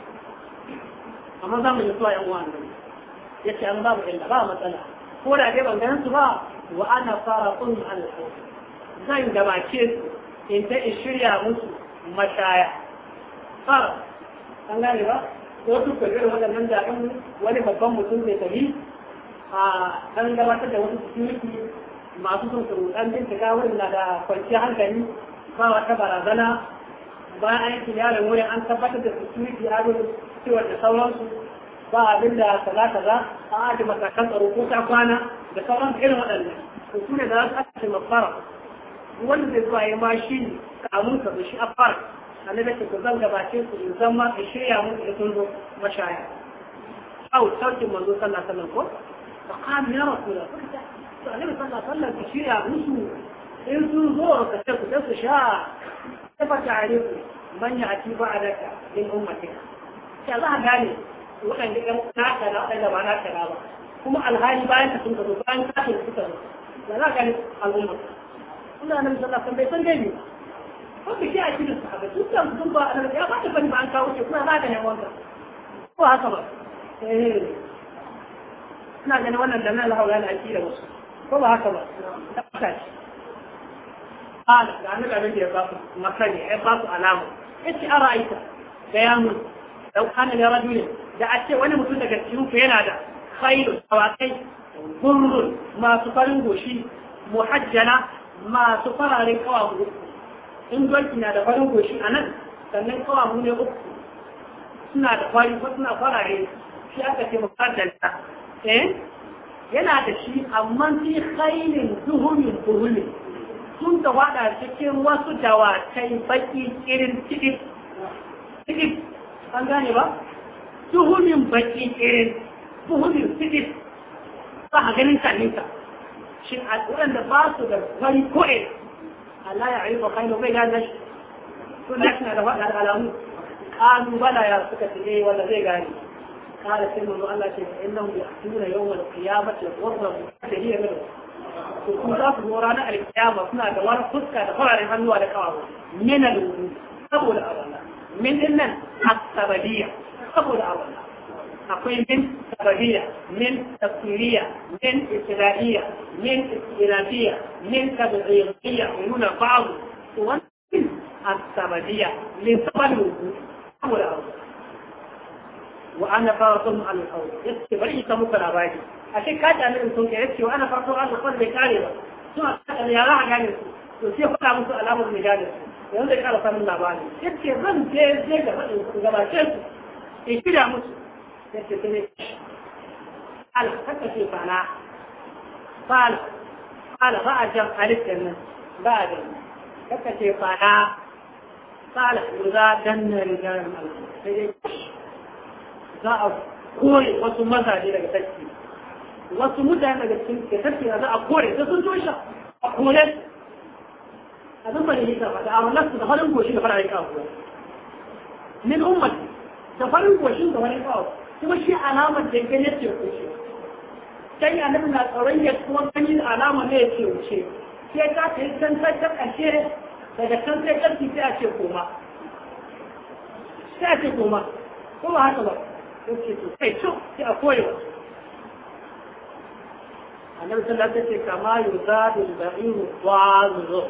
amma za mu yi zuwa yan ya ce an babu illa ba matsala ko da dai ban gan su ba wa ana fara kun alƙawari zan gabace su in ta in shirya musu mashaya ha an gane ba ko duk da irin waɗannan da wani babban mutum zai tafi a ɗan gabatar da wasu security masu sun su ɗan bincika wurin na da kwanciyar hankali ba wata barazana bayan an yi kimiyyar wuri, an tabbatar da security a don cewa da sauransu ba abin da kaza kaza an aji matakan tsaro ko ta kwana da sauran irin waɗanda to su ne da za su aka ce mafara wanda zai zuwa ya ma shi ne kamun ka zo shi a fara annabi ce ku zan gabace su in zama ma in shirya mu da sun zo mashaya au saukin manzo sallallahu alaihi wasallam ko fa qam ya ta. to a annabi sallallahu alaihi wasallam ku shirya musu in sun zo ka ce ku su sha kafa tarihu man ya ati ba adaka in ummatika ya za a gane waɗanda ɗan naka na waɗanda ba naka na ba kuma alhali bayan ka sun ka zo bayan ka sun ka zo ya za a gane al'umma suna nan sallah kan bai san dai ne ko bi shi a cikin sahaba duk da sun ba nan ya ba ta bani ba an kawo ce kuma za a ne wanda ko haka ba eh ina ganin wannan da nan alhawla na da wasu ko ba haka ba ta ce قال لأن الأبن يباس مكاني يباس علامه إيش أرأيت لو كان لرجل da a ce wani mutum daga cikin yana da khairu tawakai gurrun masu farin goshi masu fararen uku in doki na da farin goshi a sannan kawamu ne uku suna da fari ko suna farare shi aka ce eh yana da shi amma fi khailin duhumin kurumin sun da wada cikin wasu dawakai baki irin cikin cikin an gane ba tuhumin baki irin tuhumin cikin ba a ganin kaninka shin a da ba su da wani ko'e Allah ya ayyuka kai bai gane shi na da na da wada alamu kanu bala ya suka tsaye eh, wanda zai gane قال سيدنا الله تعالى انهم ياتون يوم da يضرب da منهم to su za su zo ranar alkiyama suna da wani fuska da fararen hannuwa da kawo min alwudu saboda awalla min din nan asabadiya saboda awalla akwai min sabadiya min tafsiriya min isra'iya min isra'iya min tabi'iyya nuna ba'u to wannan asabadiya min sabal wudu saboda awalla wa ana fara sun al-hawl yace bari ita muka labari ashe ka ta nan sun kare cewa ana farko an da bai kare ba to a kan ya raha su to sai faɗa musu alamar mai gane su yanzu da kara samun labari yace zan je je ga faɗin gabace su in musu yace sai ne al haka ce fala fala fala ba a jan ba a jan haka ce fala fala za danna rigar sai dai za a koyi wasu mazaje daga sarki wasu mutane daga cikin kekarki na za a kore da sun toshe a kore a zan bari hita ba da amalar su da farin goshi da farin kawo min ummat da farin goshi da farin kawo kuma shi alamar da gani ce kuce kai yi nan na tsaron ya kuma gani alama ne ya ce wuce sai ka ta yi can ta kashe daga can sai karfi sai a ce koma sai a ce koma ko ba haka ba ko ce to kai to sai a koyo annabi sallallahu alaihi wasallam kama yuzadu al-ba'iru wazu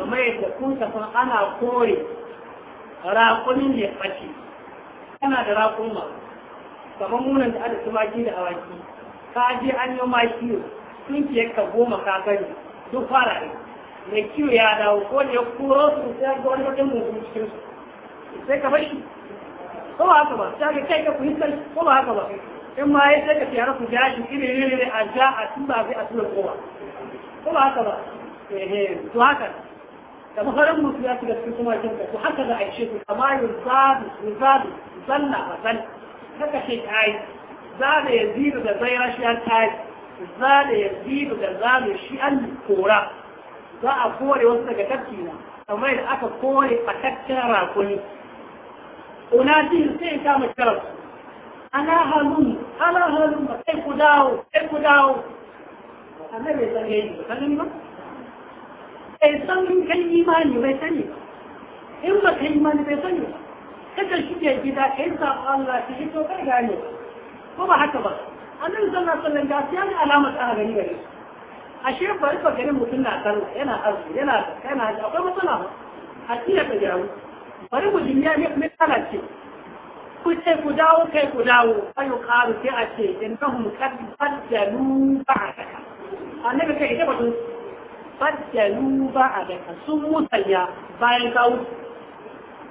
kuma yadda kun ka san ana kore raƙumin ya fashi kana da raƙuma kamar munan da ada tumaki da awaki ka je an yi ma kiwo sun ke ka goma ka gani duk fara ne mai kiwo ya dawo ko da ya koro su sai ga wani wajen mutum cikin sai ka fashi ko ba haka ba sai ka kai ka ku ko ba haka ba in ma ya sai ka ce rasu gashi iri ne ne a ja a tun ba sai a tura kowa ko ba haka ba eh to haka da maharan musu ya shiga cikin kuma kinka to haka za a yi shi amma yin zabi yin zabi zanna ba zanna haka ce kai zada ya zidu da zai shi an kai zada ya zidu da zalu shi an kora za a kore wasu daga tafki na kamar da aka kore fataccen rakuni unati sai kama karar ana halun ala halin ba sai ku dawo sai ku dawo annabi bai san yayi ba sanin ba bai san in kai imani bai sani ba in ba kai imani bai sani ba kada shi ke gida kai sa Allah ki hito kai gane ko ba haka ba annabi sallallahu alaihi wasallam ga sai alamar ta gani gare shi ashe bari ba ganin mutum na sallah yana arziki yana yana akwai matsala ba a tiya ta jawo bari mu jinja ne mai tsala ce ku ce ku dawo kai ku dawo ayu qalu sai a ce innahum qad faddalu ba'daka annabi kai ita batun faddalu ba'daka sun musanya bayan ka wuce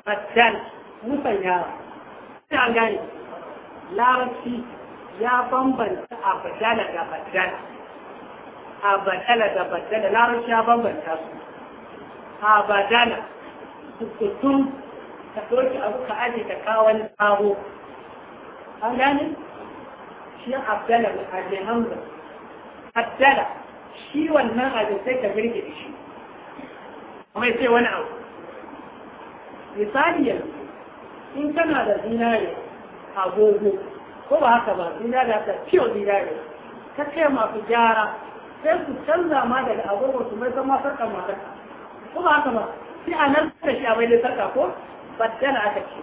faddal musanya sai an gane larabci ya bambanta a badala da badala a badala da badala larabci ya bambanta su a badala tukutun ka soke abu ka aje ka kawon sabo an gani? shi abdala aje hamza abdala shi wannan aje sai ka birge da shi kuma sai wani abu misali yanzu in kana da zinare agogo ko ba haka ba zinare ta fiyo zinare ka kai masu gyara sai su canza ma daga agogo su mai zama sarkar matarka ko ba haka ba sai a nan da shi a mai da sarka ko baddala aka ce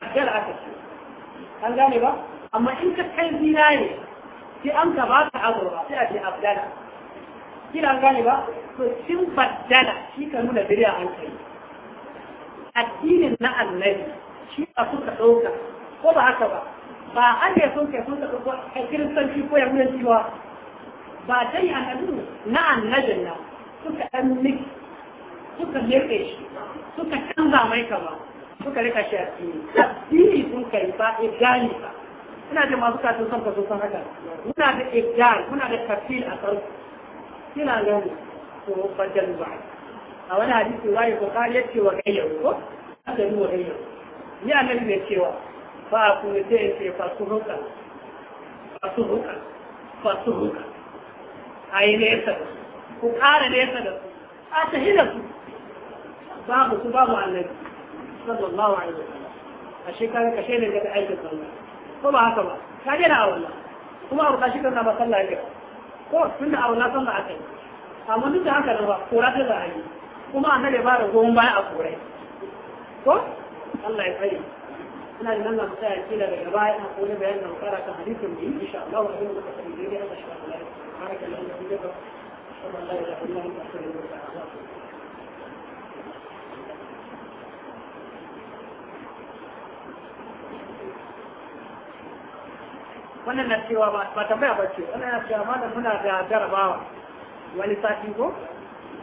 baddala aka ce an gane ba amma in ka kai zinare sai an ka baka azurfa sai a ce abdala kina an gane ba to cin baddala shi ka nuna biriya an kai addinin na annabi shi ba suka ɗauka ko ba haka ba ba an da sun kai sun ka ɗauka a kiristanci ko yahudanci ba ba dai annabi na annabin nan suka ɗan miki suka mirɗe shi suka canza mai kama suka rika shi a addini tsini sun kai ba gani ba ina da masu kasin son ka so haka muna da idan, muna da kafil a kan suna gani su fajar ba a wani hadisi wani kuka ya ce wa gayyar ko a gani wa gayyar ni nan ne cewa ba a kuma sai ce fasuhuka fasu fasuhuka a yi nesa da su ku ƙara nesa da su a ta hina su babu su babu annabi sallallahu alaihi wasallam a shekara kashe ne daga aikin sallah ko ba haka ba ka daina a wallah kuma a rukashi kan ba sallah ne ko tunda a wallah sallah aka yi amma duk da haka nan ba kura ta za a yi kuma annabi ba da goyon baya a kurai ko Allah ya tsare ina da nan na tsaya kila daga baya ina koyi bayanin nan kara kan hadisin mu insha Allah wa inna ka tsare dai Allah shi ka tsare baraka lillahi wa bihi wa sallallahu alaihi wa sallam wannan na cewa ba tambaya ba ce wannan na cewa da muna da jarabawa wani sati ko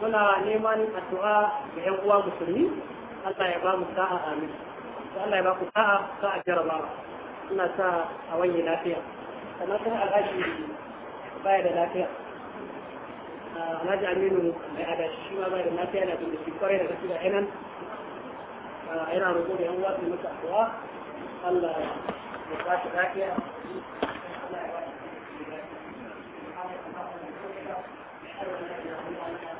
muna neman addu'a ga yan uwa musulmi Allah ya ba mu sa'a amin Allah ya ba ku sa'a ka jarabawa ina sa a wani lafiya sannan kuma alhaji baya da lafiya ah, alhaji aminu mai adashi shi ma baya da lafiya na bin da shi kwarai da gaske da yanan ah, yana roƙo da yan uwa su masa addu'a Allah Thank you.